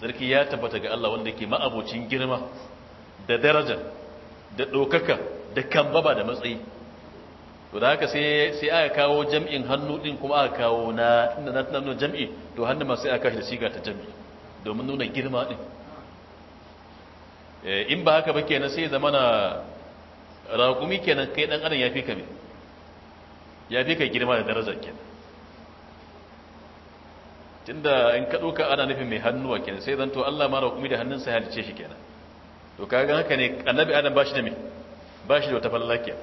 sarki ya tabbata ga Allah wanda yake ma'abocin girma da daraja da ɗaukaka da kambaba da matsayi to da haka sai aka kawo jam'in hannu ɗin kuma aka kawo na inda na tunanin jam'i to hannu ma sai aka shi da siga ta jam'i domin nuna girma ɗin eh, in ba haka ba kenan sai zama na raƙumi kenan kai ɗan adam ya fi ka ya fi ka girma da daraja kenan tunda in ka ɗauka ana nufin mai hannuwa kenan sai zan to Allah ma raƙumi da hannunsa ya halice shi kenan to kaga haka ne annabi adam bashi da me bashi da wata fallakiya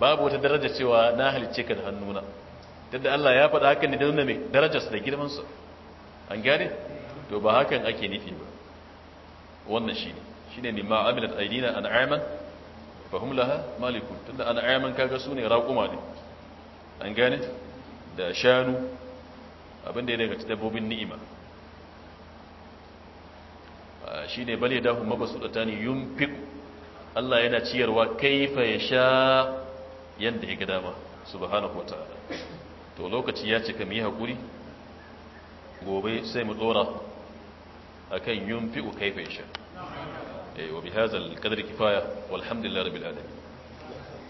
babu wata daraja cewa na halicce ka da hannuna da Allah ya faɗa hakan ne da nuna me su da su an gane to ba hakan ake nufi ba wannan shi ne shi ne mimma amilat aidina an'aman fahim laha malikun tunda an'aman kaga su ne raƙuma ne an gane da shanu abinda ya daga dabbobin ni'ima shine bal yadahu yun fiku Allah yana ciyarwa kaifa sha yanda ya ga dama subhanahu wataala to lokaci ya cika mu yi hakuri gobe sai mu kan akan fiku kaifa ya sha eh, wa bihadha alqadri kifaya walhamdulillahi rabbil alamin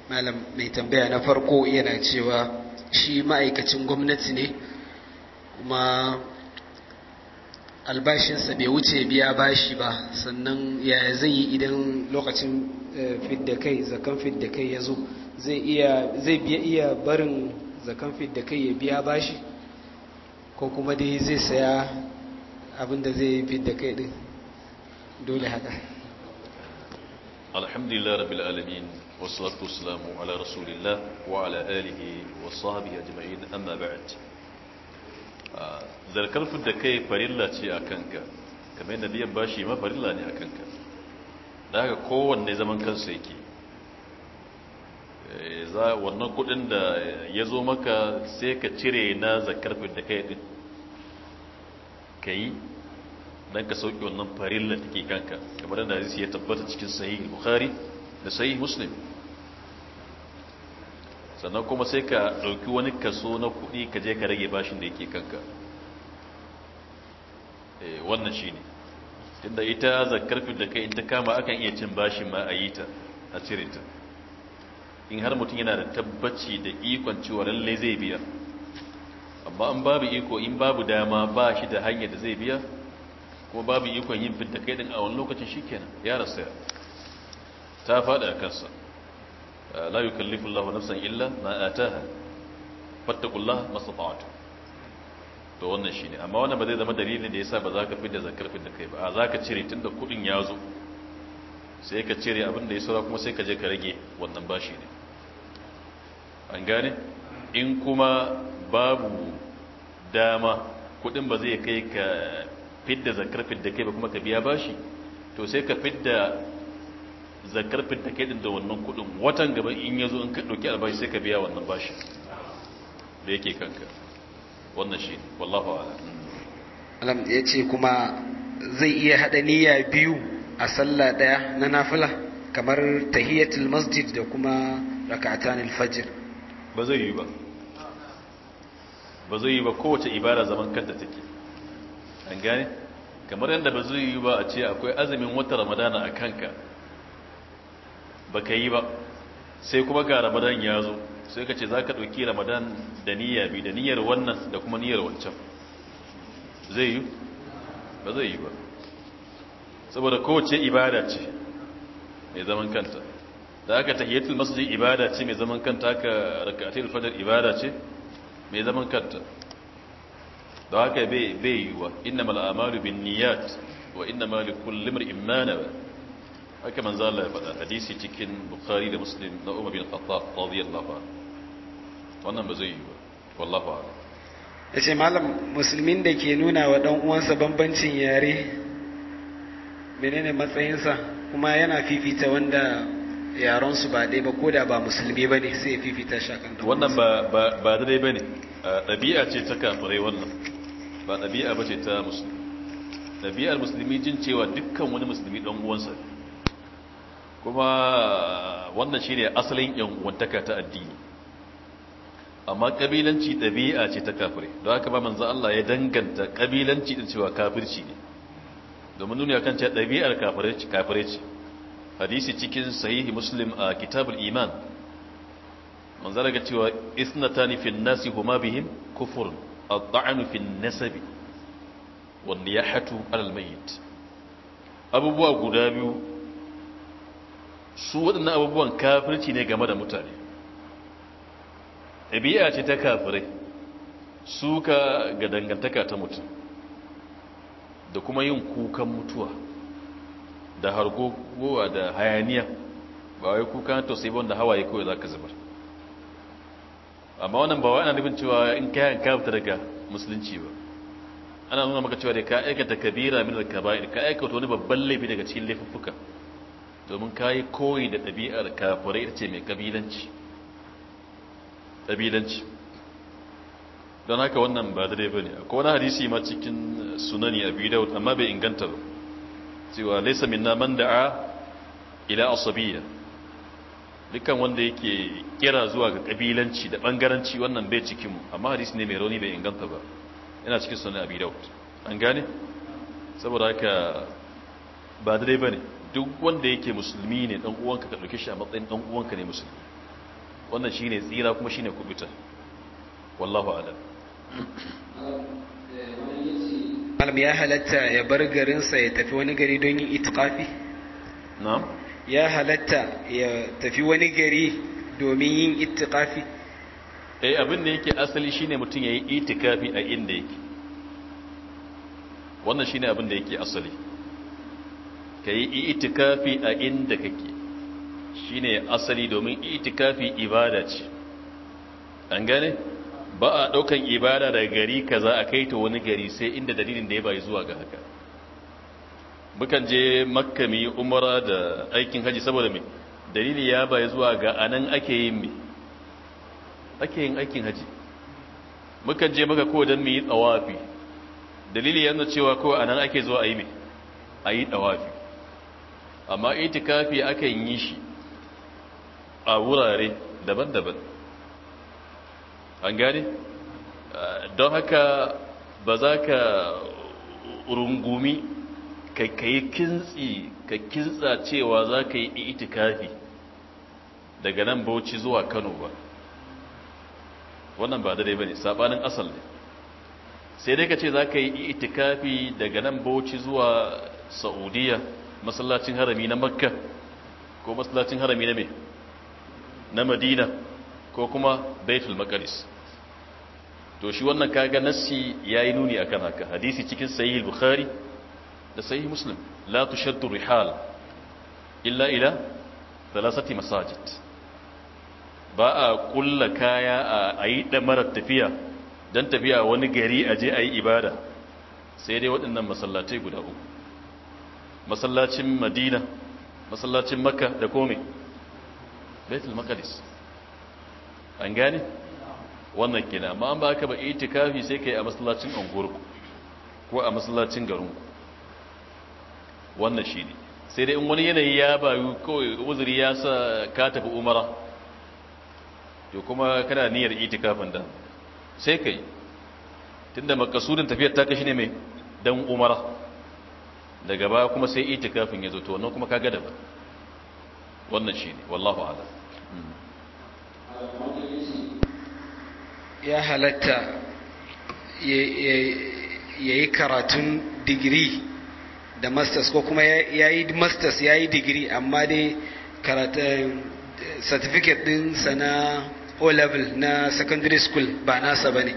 malam mai tambaya na farko yana cewa shi ma'aikacin gwamnati ne kuma albashinsa bai wuce biya bashi ba sannan ya zai yi idan lokacin eh, fidda kai zakan fidda kai ya zo zai iya barin zakan fidda kai ya biya bashi ko kuma dai zai saya abinda zai fidda kai din dole haka alhamdulillah rabbil alamin wasu salatu wasalamu ala rasulillah wa ala alihi wasu sahbihi ajma'in amma ba'd zarkar da kai farilla ce a kanka kamar yadda biyan bashi ma farilla ne a kanka da haka kowanne zaman kansa yake eh, za wannan kudin da ya zo maka sai ka cire na zakar da kai din ka yi don ka sauki wannan farilla take kanka kamar da ya tabbata cikin sahih bukhari da sahih muslim sannan kuma sai ka ɗauki wani kaso na kuɗi ka je ka rage bashin da yake kanka eh, wannan shi ne tunda ita fi da kai in ta kama akan iya cin bashin ma a yi ta a cire ta in har mutum yana da tabbaci da ikon cewa lallai zai biya amma an babu iko in babu dama ba shi da hanyar da zai biya kuma babu ikon yin kai din a wani lokacin shi kenan ya rasa ta faɗi a kansa la yukallifu Allahu nafsan illa ma ataha fattaqullaha mastata'tu to wannan shine amma wannan ba zai zama dalilin da yasa ba za ka fidda zakarfin da kai ba za ka cire tunda kudin ya zo sai ka cire abin da ya saura kuma sai ka je ka rage wannan bashi ne an gane in kuma babu dama kudin ba zai kai ka fidda zakarfin da kai ba kuma ka biya bashi to sai ka fidda zakar fita take din da wannan kudin watan gaba in yazo in ka dauki albashi sai ka biya wannan bashi da yake kanka wannan shi wallahu a'lam alam yace kuma zai iya hada niyya biyu a sallah daya na nafila kamar tahiyatul masjid da kuma rak'atan al-fajr ba zai yi ba ba zai yi ba kowace ibada zaman kanta take an gane kamar yadda ba zai yi ba a ce akwai azumin wata ramadana a kanka ba ka yi ba sai kuma ga ramadan ya zo sai ka ce za ka ɗauki ramadan da niyya bi da niyyar wannan da kuma niyyar wancan zai yi ba zai yi ba saboda kowace ibada ce mai zaman kanta da aka tahiyatul masjid ibada ce mai zaman kanta aka rakatul fajr ibada ce mai zaman kanta da haka bai yi wa inna mal'amalu bin binniyat wa inna likulli imrin ma nawa haka manzo Allah ya faɗa hadisi cikin Bukhari da Muslim na Umar bin Khattab radiyallahu anhu wannan ba zai yi ba wallahu a'lam yace malam musulmin da ke nuna wa dan uwansa bambancin yare menene matsayinsa kuma yana fifita wanda yaron su ba dai ba koda ba musulmi bane sai ya fifita shakan akan wannan ba ba ba dai bane ɗabi'a ce ta kafirai wannan ba ɗabi'a ce ta musulmi ɗabi'ar musulmi jin cewa dukkan wani musulmi dan uwansa ne kuma wannan shine asalin yankuntaka ta addini amma ƙabilanci ɗabi'a ce ta kafirai don haka ba manzo Allah ya danganta kabilanci din cewa kafirci ne domin nuni akan cewa ɗabi'ar kafirai ce hadisi cikin sahihi muslim a kitabul iman manzo daga cewa isnatani fin nasi huma bihim kufur a danu fin nasabi ya niyahatu alal mayyit abubuwa guda biyu su waɗannan abubuwan kafirci ne game da mutane ɗabi'a ce ta kafirai suka ga dangantaka ta mutum da kuma yin kukan mutuwa da hargogowa da hayaniya ba wai kukan to sai wanda hawaye kawai za ka zubar amma wannan ba wa ana nufin cewa in kayan kafita daga musulunci ba ana nuna maka cewa da ka aikata kabira min al-kaba'ir ka aikata wani babban laifi daga cikin laifuffuka domin ka yi koyi da ɗabi'ar kafirai ita ce mai ƙabilanci ƙabilanci don haka wannan ba da ba ne ko wani hadisi ma cikin sunani a biyu amma bai inganta ba cewa laisa minna man da'a ila asabiyya dukkan wanda yake kira zuwa ga ƙabilanci da ɓangaranci wannan bai cikin mu amma hadisi ne mai rauni bai inganta ba yana cikin sunani a daud an gane saboda haka ba dai bane duk wanda yake musulmi ne dan uwanka ka dauke shi a matsayin dan uwanka ne musulmi wannan shine tsira kuma shine kubuta wallahu a'lam malam ya halatta ya bar garinsa ya tafi wani gari don yin itikafi na'am ya halatta ya tafi wani gari domin yin itikafi eh abin da yake asali shine mutum yayi itikafi a inda yake wannan shine abin da yake asali ka yi itikafi a inda kake shi ne asali domin itikafi ibada ce an gane ba a ɗaukan ibada daga gari kaza a kai ta wani gari sai inda dalilin da ya bayi zuwa ga haka mukan je makka mu umara da aikin haji saboda mai dalili ya bayi zuwa ga anan ake yin mai ake yin aikin haji mukan je maka ko don mu yi tsawafi dalili yana cewa ko anan ake zuwa a yi mai a yi tsawafi amma itikafi akan yi shi a wurare daban-daban an gane don haka ba za ka rungumi ka yi kintsi ka kintsa cewa za ka yi itikafi daga nan bauchi zuwa kano ba wannan ba da ba ne saɓanin asal ne sai dai ka ce za ka yi itikafi daga nan bauchi zuwa saudiya masallacin harami na makka ko masallacin harami na mai na madina ko kuma baitul makaris to shi wannan kaga nassi yayi nuni akan haka hadisi cikin sahih bukhari da sahih muslim la tushaddu rihal illa ila thalathati masajid ba a kulla kaya a ayi damarar tafiya dan tafiya wani gari aje ayi ibada sai dai waɗannan masallatai guda uku masallacin madina masallacin makka da kome baitul maqdis an gane wannan kina amma an ba ka ba itikafi sai kai a masallacin angurku ko a masallacin garinku wannan shi ne. sai dai in wani yanayi ya bayu kawai uzuri ya sa ka tafi umara to kuma kana niyyar itikafin da sai kai tunda makasudin tafiyar ta kashi ne mai dan umara daga baya kuma sai itikafin ya zo to wannan kuma kaga daban wannan shine wallahu ala. ya halatta ya yi karatun digiri da masters ko kuma ya yi masters ya yi digiri amma dai karatun eh, certificate din sana o level na secondary school ba nasa ba ne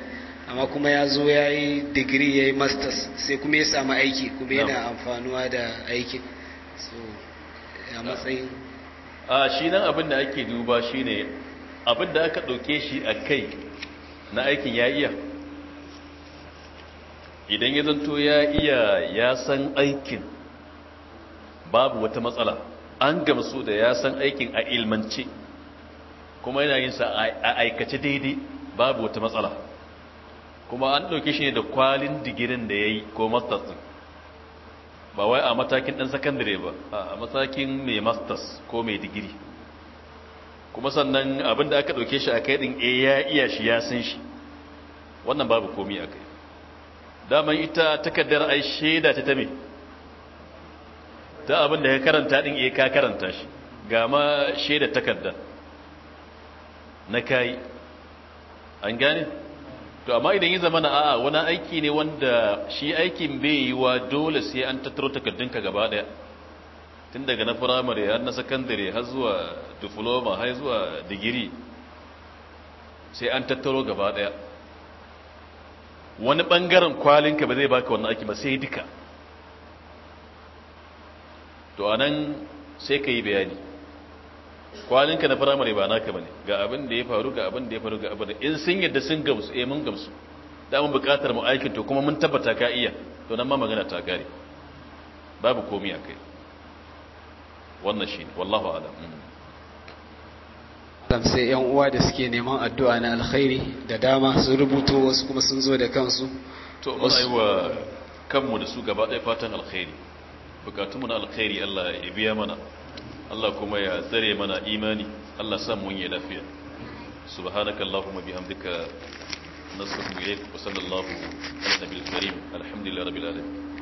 amma kuma ya zo ya yi digiri ya yi masters sai kuma ya samu aiki kuma yana amfanuwa da aikin so a matsayin a shi nan abin da ake duba shi ne abin da aka ɗauke shi a kai na aikin ya iya idan ya zanto ya iya ya san aikin babu wata matsala an gamsu da ya san aikin a ilmance kuma yana yin sa a aikace daidai babu wata matsala kuma an ɗauki shi ne da kwalin digirin da ya yi ko masters ba wai a matakin ɗan sakandare ba a matakin mai masters ko mai digiri kuma sannan abin da aka ɗauke shi a kai ɗin eh, ya iya shi ya san shi wannan babu komi a kai daman ita takardar ai shaida ta tame ta abin da ya karanta ɗin ya eh, ka karanta shi ga ma shaida takardar na kayi an gane to amma idan yi zama na a'a wani aiki ne wanda shi aikin bai yi wa dole sai an tattaro takardunka gaba daya tun daga na firamare har na sakandare har zuwa diploma har zuwa digiri sai an tattaro gaba daya wani bangaren kwalinka ba zai baka wannan aiki ba sai duka to anan sai ka yi bayani kwalinka na firamare ba naka bane ga abin da ya faru ga abin da ya faru ga abin da in sun yadda sun gamsu eh mun gamsu da mun bukatar mu aikin to kuma mun tabbata ka iya to nan ma magana ta gare babu komai akai wannan shine wallahi a'lam dan mm. sai yan uwa da suke neman addu'a na alkhairi da dama sun rubuto wasu kuma sun zo da kansu to mun yi wa kanmu da su gaba ɗaya fatan alkhairi bukatunmu na alkhairi Allah ya biya mana Allah kuma ya tsare mana imani Allah sa mun yi lafiya subhanakallahumma bihamdika نصركم إليك وصلى الله